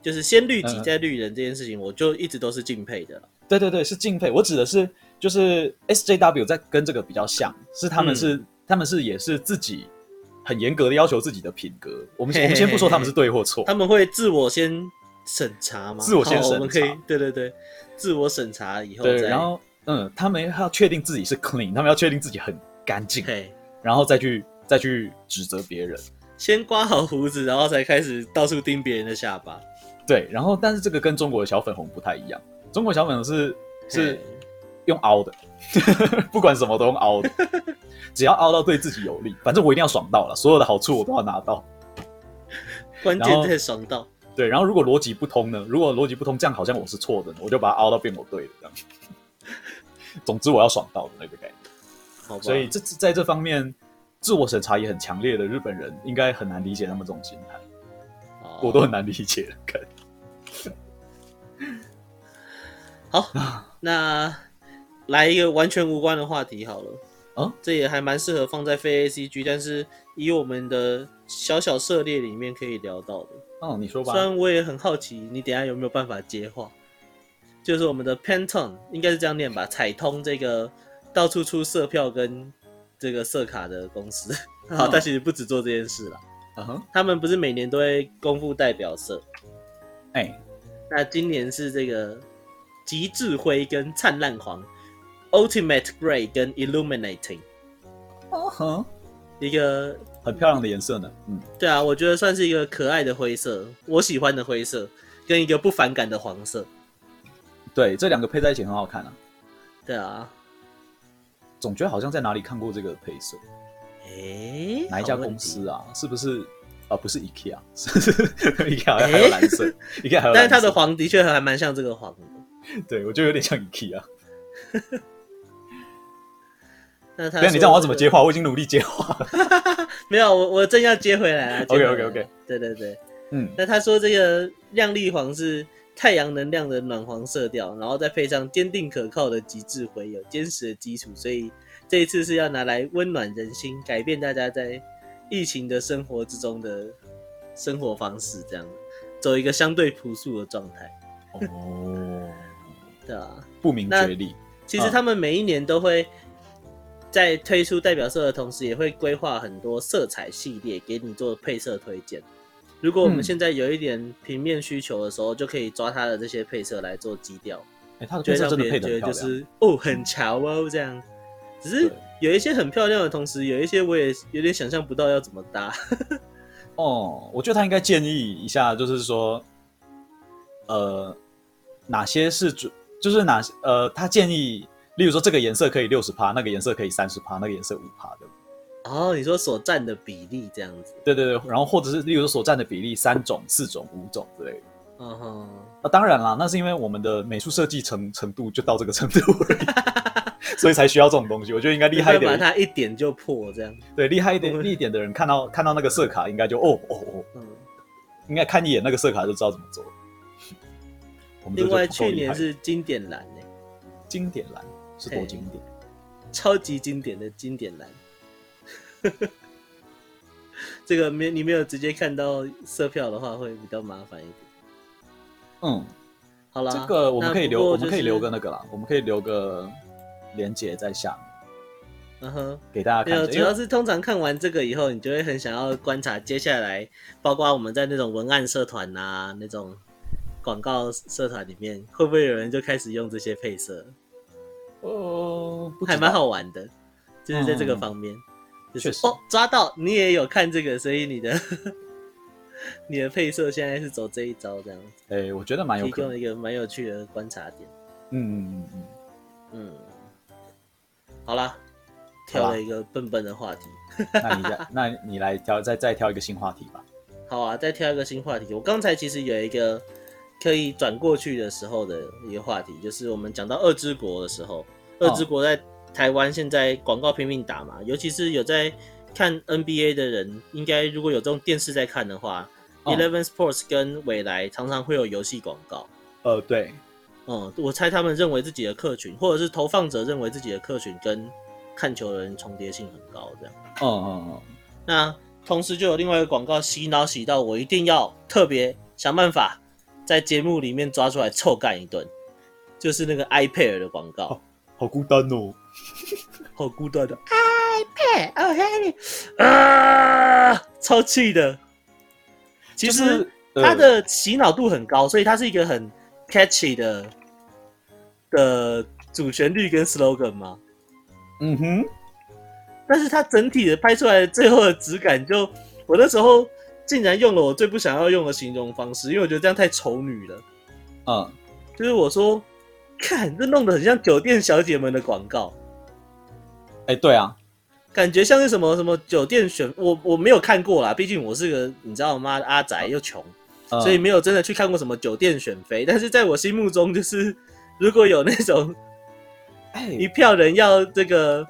就是先律己再律人這件事情，嗯，我就一直都是敬佩的。對對對，是敬佩。我指的是，就是 SJW 在跟這個比較像，是他們是、嗯、他們是也是自己很嚴格的要求自己的品格。我們嘿嘿嘿我們先不說他們是對或錯，他們會自我先審查嗎？自我先審查，對對對，自我審查以後，對，然後嗯，他們要確定自己是 clean，他們要確定自己很乾淨，然後再去再去指責別人。先刮好鬍子，然後才開始到處盯別人的下巴。對，然後但是這個跟中國的小粉紅不太一樣。中國小粉是是用凹的。 不管什麼都用凹的，只要凹到對自己有利，反正我一定要爽到了，所有的好處我都要拿到， 然後 關鍵是爽到。對，然後如果邏輯不通呢？如果邏輯不通，這樣好像我是錯的呢，我就把它凹到變我對的這樣子。 總之我要爽到的那個感覺。所以這在這方面自我審查也很強烈的日本人，應該很難理解他們這種心態，哦，我都很難理解。好，那來一個完全無關的話題好了。哦，這也還蠻適合放在非 A C G，但是以我們的小小涉獵裡面可以聊到的。哦，你說吧。雖然我也很好奇，你等下有沒有辦法接話？就是我們的 Pantone 應該是這樣念吧？彩通這個到處出色票跟這個色卡的公司，哦、 好，但其實不止做這件事了。啊、哦、哈，他們不是每年都會公布代表色？哎、欸，那今年是這個。極致灰跟燦爛黃，Ultimate Gray 跟 Illuminating，哦呵，uh -huh. 一個很漂亮的顏色呢。嗯，對啊，我覺得算是一個可愛的灰色，我喜歡的灰色，跟一個不反感的黃色。對，這兩個配在一起很好看啊。對啊，總覺得好像在哪裡看過這個配色。誒、欸，哪一家公司啊？是不是啊？不是 IKEA，IKEA Ikea 還有藍色、欸、，IKEA 還有藍色， 但是它的黃的確還蠻像這個黃的。對，我覺得有點像 i k e y 啊。 那他你這我怎麼接話？我已經努力接話，沒有我，我真要接回來啊。OK OK OK，對對對，嗯。那他說這個亮麗黃是太陽能量的暖黃色調，然後再配上堅定可靠的極致灰，有堅實的基礎，所以這一次是要拿來溫暖人心，改變大家在疫情的生活之中的生活方式，這樣走一個相對樸素的狀態。哦。啊，不明覺厲。其實他們每一年都會在推出代表色的同時，也會規劃很多色彩系列給你做配色推薦。如果我們現在有一點平面需求的時候，就可以抓他的這些配色來做基調。哎，他的配色真的配得覺得特別就是哦，很巧哦這樣。只是有一些很漂亮的同時，有一些我也有點想象不到要怎麼搭。 哦，我覺得他應該建議一下，就是說，呃，哪些是主。就是哪些呃，他建議，例如說這個顏色可以六十趴，那個顏色可以三十趴，那個顏色五趴的。哦、oh，你說所佔的比例這樣子？對對對，然後或者是例如說所佔的比例三種、四種、五種之類的。嗯哼，那、uh -huh. 啊、當然啦，那是因為我們的美術設計程程度就到這個程度而已， 所以才需要這種東西。我覺得應該厲害一點， 把它一點就破這樣子。對，厲害一點、厲 一點的人看到看到那個色卡，應該就哦哦，嗯、哦，哦、 應該看一眼那個色卡就知道怎麼做。另外，去年是經典藍誒、欸，經典藍是多經典？超級經典的經典藍。 這個沒你沒有直接看到色票的話，會比較麻煩一點。嗯，好了，這個我們可以留那、就是，我們可以留個那個啦，我們可以留個鏈接在下面，嗯哼，給大家看。主要是通常看完這個以後，你就會很想要觀察接下來，包括我們在那種文案社團吶、啊、那種。廣告社團裡面會不會有人就開始用這些配色？哦，還蠻好玩的，就是在這個方面，嗯、就是哦，抓到你也有看這個，所以你的 你的配色現在是走這一招這樣子。哎、欸，我覺得蠻有提供一個蠻有趣的觀察點。嗯嗯嗯嗯，嗯，好啦，挑了一個笨笨的話題， 那你再那你來挑，再再挑一個新話題吧。好啊，再挑一個新話題。我剛才其實有一個，可以轉過去的時候的一個話題，就是我們講到二之國的時候，二之國在台灣現在廣告拼命打嘛，oh. 尤其是有在看 NBA 的人，應該如果有這種電視在看的話，oh.，Eleven Sports 跟緯來常常會有遊戲廣告。呃、oh. oh,，對，嗯，我猜他們認為自己的客群，或者是投放者認為自己的客群跟看球的人重疊性很高，這樣。哦、oh. 哦、oh. oh. 那同時就有另外一個廣告洗腦洗到我一定要特別想辦法，在節目裡面抓出來臭幹一頓，就是那個 iPair 的廣告好，好孤單哦， 好孤單的 iPair，Henry，啊，超氣的。其實它、就是呃、的洗腦度很高，所以它是一個很 catchy 的的主旋律跟 slogan 嘛。嗯哼，但是它整體的拍出來最後的質感就，就我那時候。竟然用了我最不想要用的形容方式，因為我覺得這樣太醜女了。啊、嗯，就是我說，看這弄得很像酒店小姐們的廣告。哎、欸，對啊，感覺像是什麼什麼酒店選我，我沒有看過啦。畢竟我是個你知道嗎？阿宅、嗯、又窮、嗯，所以沒有真的去看過什麼酒店選妃。但是在我心目中，就是如果有那種、哎、一票人要這個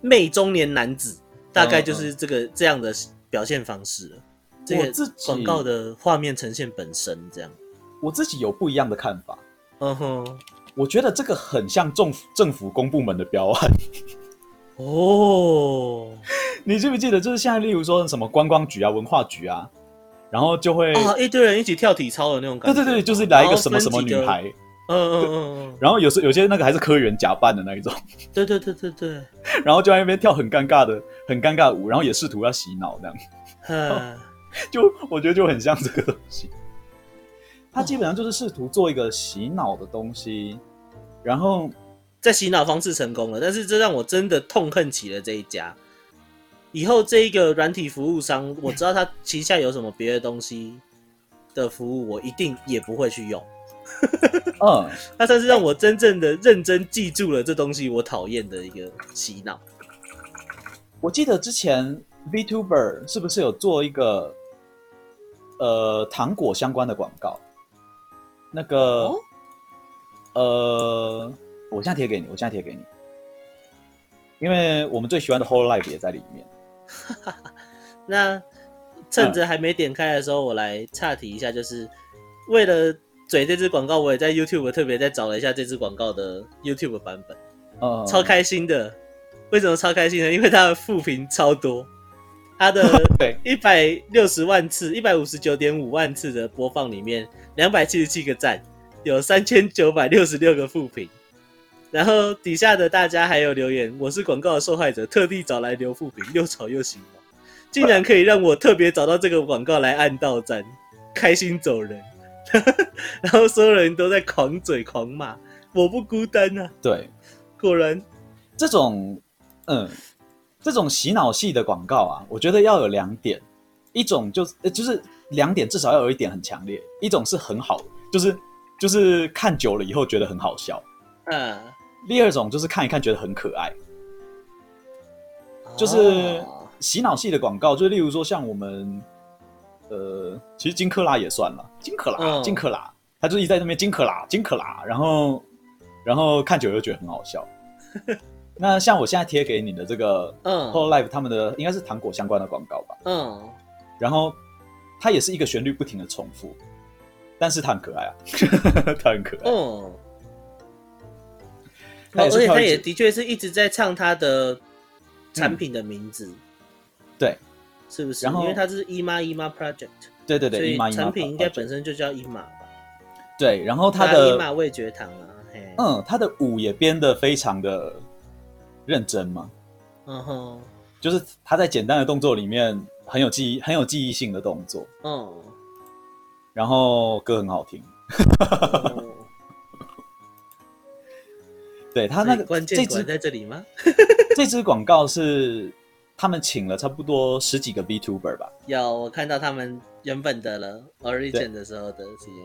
媚中年男子、嗯，大概就是這個、嗯、這樣的表現方式，我自己廣告的畫面呈現本身這樣我，我自己有不一樣的看法。嗯哼，我覺得這個很像政府、政府公部門的標案。哦、 oh.，你記不記得，就是現在例如說什麼觀光局啊、文化局啊，然後就會、oh, 一堆人一起跳體操的那種感覺。對對對，就是來一個什麼什麼女孩。嗯嗯嗯，然後有時有些那個還是科員假扮的那一種，對對對對對，然後就在那邊跳很尷尬的很尷尬舞，然後也試圖要洗腦這樣， 就我覺得就很像這個東西，他基本上就是試圖做一個洗腦的東西，oh. 然後在洗腦方式成功了，但是這讓我真的痛恨起了這一家，以後這一個軟體服務商，我知道他旗下有什麼別的東西的服務，我一定也不會去用。 嗯，那算是讓我真正的認真記住了這東西。我討厭的一個洗腦、欸。我記得之前 VTuber 是不是有做一個呃糖果相關的廣告？那個、哦、呃，我現在貼給你，我現在貼給你，因為我們最喜歡的 Hololive 也在裡面。 那趁着還沒點開的時候，嗯、我來岔題一下，就是為了。嘴這支廣告我也在 YouTube 特別再找了一下這支廣告的 YouTube 版本。哦、uh...，超開心的。為什麼超開心呢？因為它的負評超多，它的對一百六十萬次、一百五十九點五萬次的播放裡面，兩百七十七個讚，有三千九百六十六個負評。然後底下的大家還有留言，我是廣告的受害者，特地找來留負評。 又吵又喜歡，竟然可以讓我特別找到這個廣告來按倒讚，開心走人。 然後所有人都在狂嘴狂罵，我不孤單啊。對，果然，這種，嗯，這種洗腦系的廣告啊，我覺得要有兩點，一種就是、就是兩點，至少要有一點很強烈，一種是很好，就是就是看久了以後覺得很好笑，嗯，第二種就是看一看覺得很可愛，嗯，就是洗腦系的廣告，就例如說像我們。呃，其實金坷垃也算了，金坷垃、oh. 金坷垃，他就是一直在那邊金坷垃金坷垃，然後，然後看久又覺得很好笑。 那像我現在貼給你的這個，嗯，Whole Life 他們的、oh. 應該是糖果相關的廣告吧？嗯、oh.，然後它也是一個旋律不停的重複，但是他很可愛啊， 他很可愛。哦、oh.，oh. 而且他也的確是一直在唱他的產品的名字，嗯、對。是不是然後？因為它是一媽一媽 project。對對對，一媽以產品應該本身就叫一媽吧。對，然後他的姨媽味覺糖啊。嗯，他的舞也編得非常的認真嘛。嗯哼。就是他在簡單的動作裡面很有記憶，很有記憶性的動作。嗯。然後歌很好聽。 哦、對他那個，關鍵只在這裡嗎？ 這支廣告是。他們請了差不多十幾個 VTuber 吧，有我看到他們原本的了 Origin 的時候的，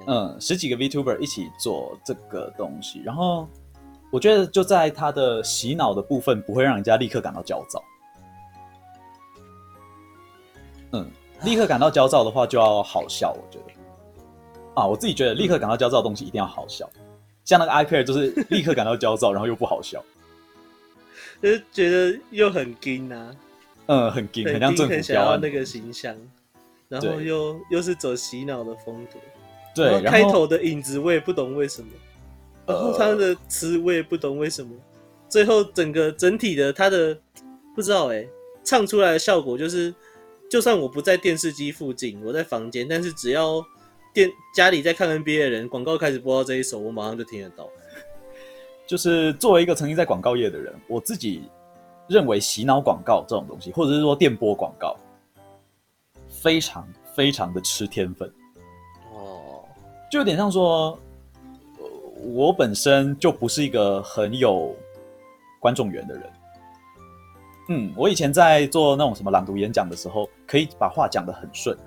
嗯，十幾個 VTuber 一起做這個東西，然後我覺得就在他的洗腦的部分不會讓人家立刻感到焦躁，嗯，立刻感到焦躁的話就要好笑，我覺得， 啊，我自己覺得立刻感到焦躁的東西一定要好笑，像那個 iPair 就是立刻感到焦躁， 然後又不好笑，就是覺得又很硬啊。嗯，很硬，很想要那個形象，然後又又是走洗腦的風格，對。然後開頭的影子，我也不懂為什麼。然後、呃、然後他的詞，我也不懂為什麼。最後整個整體的，他的不知道哎、欸，唱出來的效果就是，就算我不在電視機附近，我在房間，但是只要電家裡在看 NBA 的人，廣告開始播到這一首，我馬上就聽得到。就是作為一個曾經在廣告業的人，我自己。認為洗腦廣告這種東西，或者是說電波廣告，非常非常的吃天分哦，oh. 就有點像說，我本身就不是一個很有觀眾緣的人。嗯，我以前在做那種什麼朗讀演講的時候，可以把話講得很順，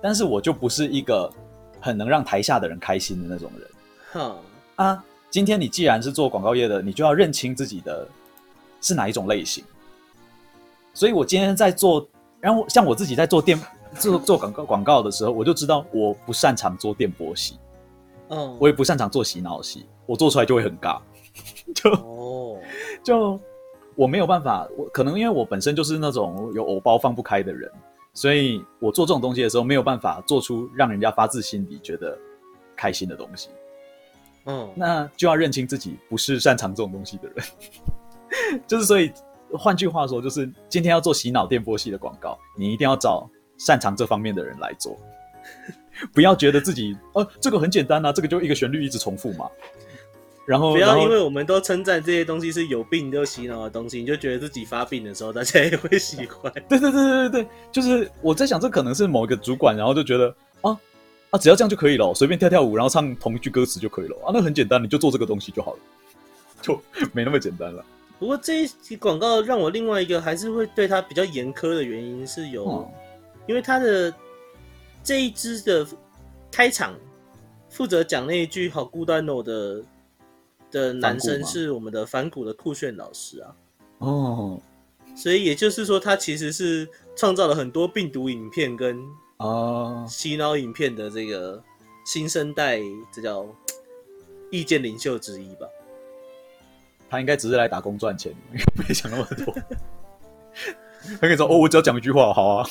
但是我就不是一個很能讓台下的人開心的那種人。哼、huh. 啊，今天你既然是做廣告業的，你就要認清自己的，是哪一種類型？所以我今天在做，然後像我自己在做電，做做廣告廣告的時候，我就知道我不擅長做電波系。嗯、oh.，我也不擅長做洗腦系，我做出來就會很尬， 就、oh. 就我沒有辦法，我可能因為我本身就是那種有偶包放不開的人，所以我做這種東西的時候沒有辦法做出讓人家發自心底覺得開心的東西，嗯、oh.，那就要認清自己不是擅長這種東西的人。就是、就是，所以，換句話說，就是今天要做洗腦電波系的廣告，你一定要找擅長這方面的人來做，不要覺得自己，哦、呃，這個很簡單啊，這個就一個旋律一直重複嘛。然後不要然後因為我們都稱讚這些東西是有病就洗腦的東西，你就覺得自己發病的時候大家也會喜歡。對對對對對對，就是我在想，這可能是某一個主管，然後就覺得啊啊，只要這樣就可以了，隨便跳跳舞，然後唱同一句歌詞就可以了啊，那很簡單，你就做這個東西就好了，就沒那麼簡單了。不過這一集廣告讓我另外一個還是會對他比較嚴苛的原因是有，因為他的這一支的開場負責講那一句“好孤單哦”的的男生是我們的反骨的酷炫老師啊。哦，所以也就是說，他其實是創造了很多病毒影片跟啊洗腦影片的這個新生代，這叫意見領袖之一吧。他應該只是來打工賺錢，因為沒想那麼多。 他跟你說：“哦，我只要講一句話，好啊。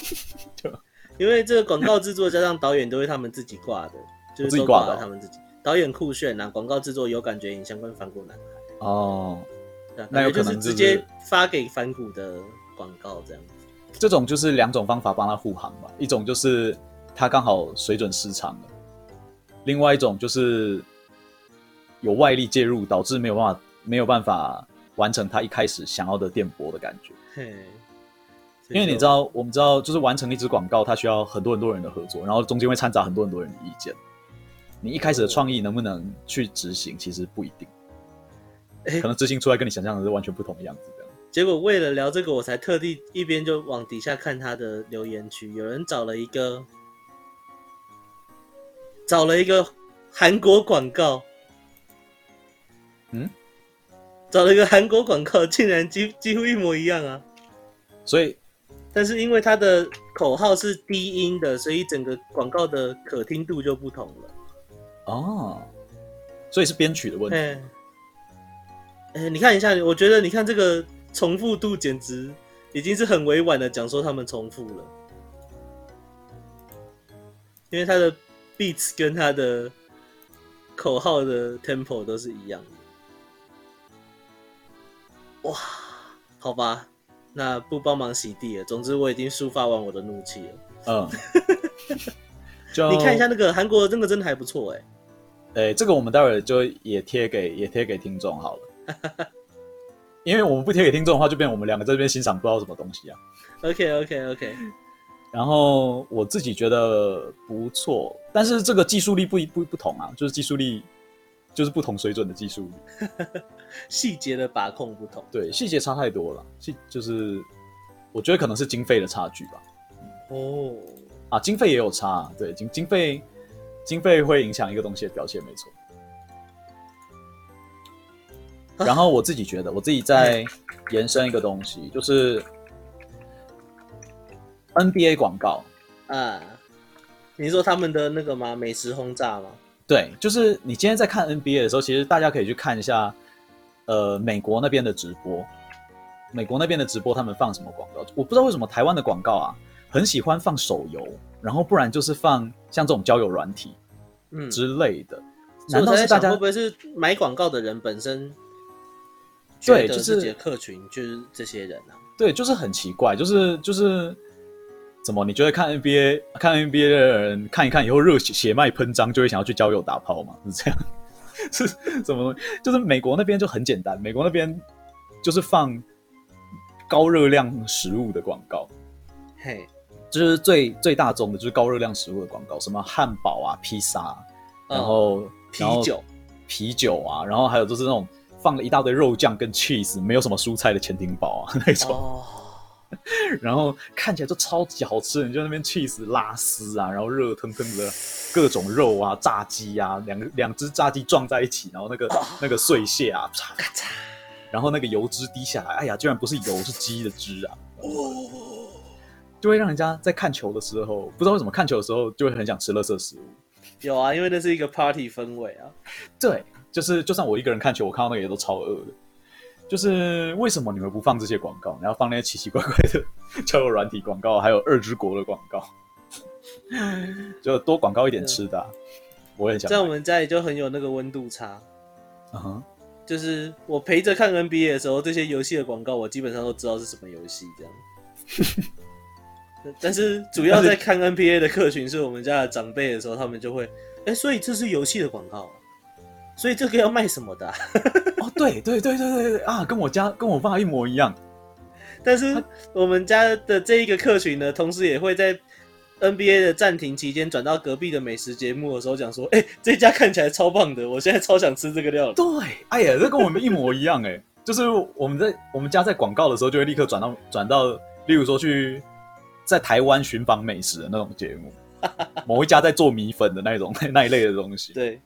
”因為這個廣告製作加上導演都是他們自己掛的，己掛的、哦，就是自己掛的。他們自己導演酷炫啊，廣告製作有感覺，影相關反骨男孩哦就是。那有可能、就是直接發給反骨的廣告這樣子。這種就是兩種方法幫他護航吧，一種就是他剛好水準失常了，另外一種就是有外力介入導致沒有辦法。沒有辦法完成他一開始想要的電波的感覺，嘿，因為你知道，我們知道，就是完成一支廣告，它需要很多很多人的合作，然後中間會摻雜很多很多人的意見。你一開始的創意能不能去執行，其實不一定，欸，可能執行出來跟你想象的是完全不同的樣子的。結果為了聊這個，我才特地一邊就往底下看他的留言區，有人找了一個，找了一個韓國廣告，嗯。找了一個韓國廣告，竟然幾幾乎一模一樣啊！所以，但是因為它的口號是低音的，所以整個廣告的可聽度就不同了。哦、啊，所以是編曲的問題。哎、欸欸，你看一下，我覺得你看這個重複度簡直已經是很委婉的講說他們重複了，因為他的 beats 跟他的口號的 tempo 都是一樣的。哇，好吧，那不幫忙洗地了。總之我已經抒發完我的怒氣了。嗯 就，你看一下那個韓國的那個真的真還不錯。哎、欸，哎、欸，這個我們待會兒就也貼給也貼給聽眾好了， 因為我們不貼給聽眾的話，就變成我們兩個在這邊欣賞不知道什麼東西啊。OK OK OK，然後我自己覺得不錯，但是這個技術力不不不，不同啊，就是技術力。就是不同水準的技術，細 節的把控不同。對，細節差太多了。細就是，我覺得可能是經費的差距吧。哦，啊，經費也有差，對，經經費，經費會影響一個東西的表現沒，沒、啊、錯。然後我自己覺得，我自己再延伸一個東西，哎、就是 NBA 廣告，啊，你說他們的那個嗎？美食轟炸嗎？對，就是你今天在看 NBA 的時候，其實大家可以去看一下，呃，美國那邊的直播，美國那邊的直播他們放什麼廣告？我不知道為什麼台灣的廣告啊，很喜歡放手遊，然後不然就是放像這種交友軟體，嗯之類的，嗯。難道是大家會不會是買廣告的人本身？對，就是自己的客群，就是這些人啊。對，就是、就是、很奇怪，就是就是。什麼？你覺得看 NBA 看 NBA 的人看一看以後熱血血脈噴張，就會想要去交友打炮嗎？是這樣？ 是什麼東西？就是美國那邊就很簡單，美國那邊就是放高熱量食物的廣告。嘿、hey.，就是最最大眾的就是高熱量食物的廣告，什麼漢堡啊、披薩、啊，然後,、uh, 然後啤酒、啤酒啊，然後還有就是那種放了一大堆肉醬跟 cheese，沒有什麼蔬菜的潛艇堡啊那種。Oh. 然後看起來就超級好吃的，你就在那邊起司，拉絲啊，然後熱騰騰的，各種肉啊、炸雞啊，兩個，兩隻炸雞撞在一起，然後那個那個碎屑啊，咔嚓，然後那個油脂滴下來，哎呀，居然不是油，是雞的汁啊，就會讓人家在看球的時候，不知道為什麼看球的時候就會很想吃樂色食物。有啊，因為那是一個 party 氛圍啊。 對，就是就算我一個人看球，我看到那個也都超餓的。就是為什麼你們不放這些廣告，然後放那些奇奇怪怪的交友軟體廣告，還有二之國的廣告，就多廣告一點吃的、啊。我也想在我們家裡就很有那個溫度差。啊、uh-huh.，就是我陪着看 NBA 的時候，這些遊戲的廣告我基本上都知道是什麼遊戲這樣。 但是主要在看 NBA 的客群是我們家的長輩的時候，他們就會哎、欸，所以這是遊戲的廣告。所以這個要賣什麼的啊？ 哦，對對對對對對啊，跟我家跟我爸一模一樣。但是我們家的這一個客群呢，同時也會在 NBA 的暫停期間轉到隔壁的美食節目的時候講說：“哎、欸，這家看起來超棒的，我現在超想吃這個料。”對，哎呀，這跟我們一模一樣哎， 就是我們在我們家在廣告的時候就會立刻轉到轉到，例如說去在台灣尋訪美食的那種節目， 某一家在做米粉的那種那一類的東西。對。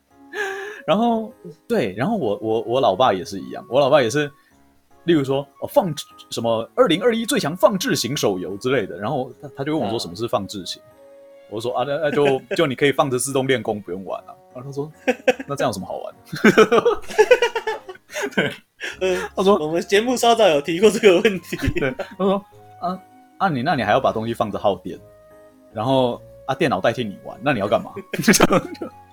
然後對，然後我我我老爸也是一樣，我老爸也是，例如說哦放什麼二零二一最強放置型手遊之類的，然後他，他就問我說什麼是放置型、啊，我就說啊那那就就你可以放着自動練功不用玩啊，啊他說那這樣有什麼好玩的， 對，他說、呃、我們節目稍早有提過這個問題，對，他說啊啊你那你還要把東西放着耗電，然後啊電腦代替你玩，那你要幹嘛？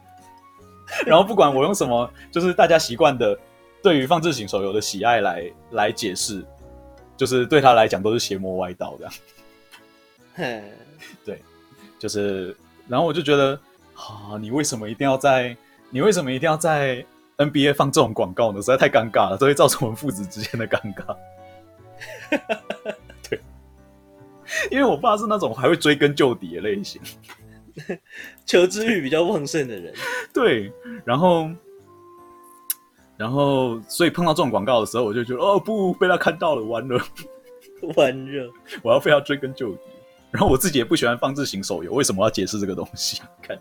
然後不管我用什麼，就是大家習慣的，對於放置型手遊的喜愛來來解釋，就是對他來講都是邪魔歪道這樣。 對，就是，然後我就覺得，啊，你為什麼一定要在，你為什麼一定要在 NBA 放這種廣告呢？實在太尷尬了，這會造成我們父子之間的尷尬。 對，因為我爸是那種還會追根究底的類型。求知欲比較旺盛的人，對，然後，然後，所以碰到這種廣告的時候，我就覺得哦，不，被他看到了，完了，完了，我要非要追根究底。然後我自己也不喜歡放置型手遊，為什麼要解釋這個東西？看，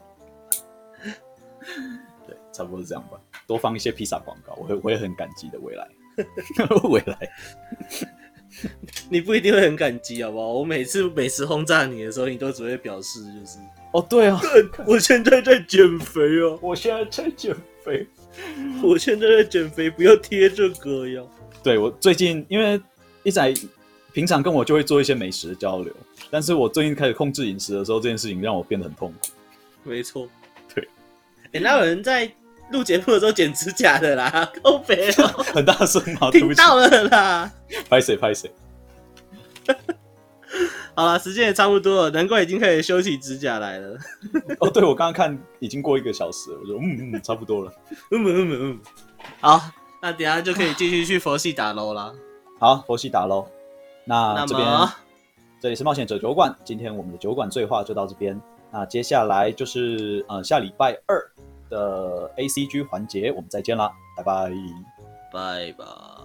對，差不多是這樣吧。多放一些披薩廣告，我會，我也很感激的。未來， 未來，你不一定會很感激，好不好？我每次每次轟炸你的時候，你都只會表示就是。哦，對啊，哦，我現在在減肥哦。我現在在減肥， 我現在在減肥，不要貼這歌呀！對，我最近因為一仔平常跟我就會做一些美食交流，但是我最近開始控制飲食的時候，這件事情讓我變得很痛苦。沒錯，對。欸，那有人在錄節目的時候剪指甲的啦，夠肥了， 很大聲好、啊，聽到了啦，拍誰拍誰。 好了，時間也差不多了，難怪已經可以修起指甲來了。 哦，對，我剛剛看已經過一個小時了，我說嗯嗯，差不多了， 嗯嗯嗯嗯，好，那等下就可以繼續去佛系打嘍啦。 好，佛系打嘍。那，那這邊這裡是冒險者酒館，今天我們的酒館醉話就到這邊，那接下來就是呃下禮拜二的 A C G 環節，我們再見啦，拜拜，拜拜。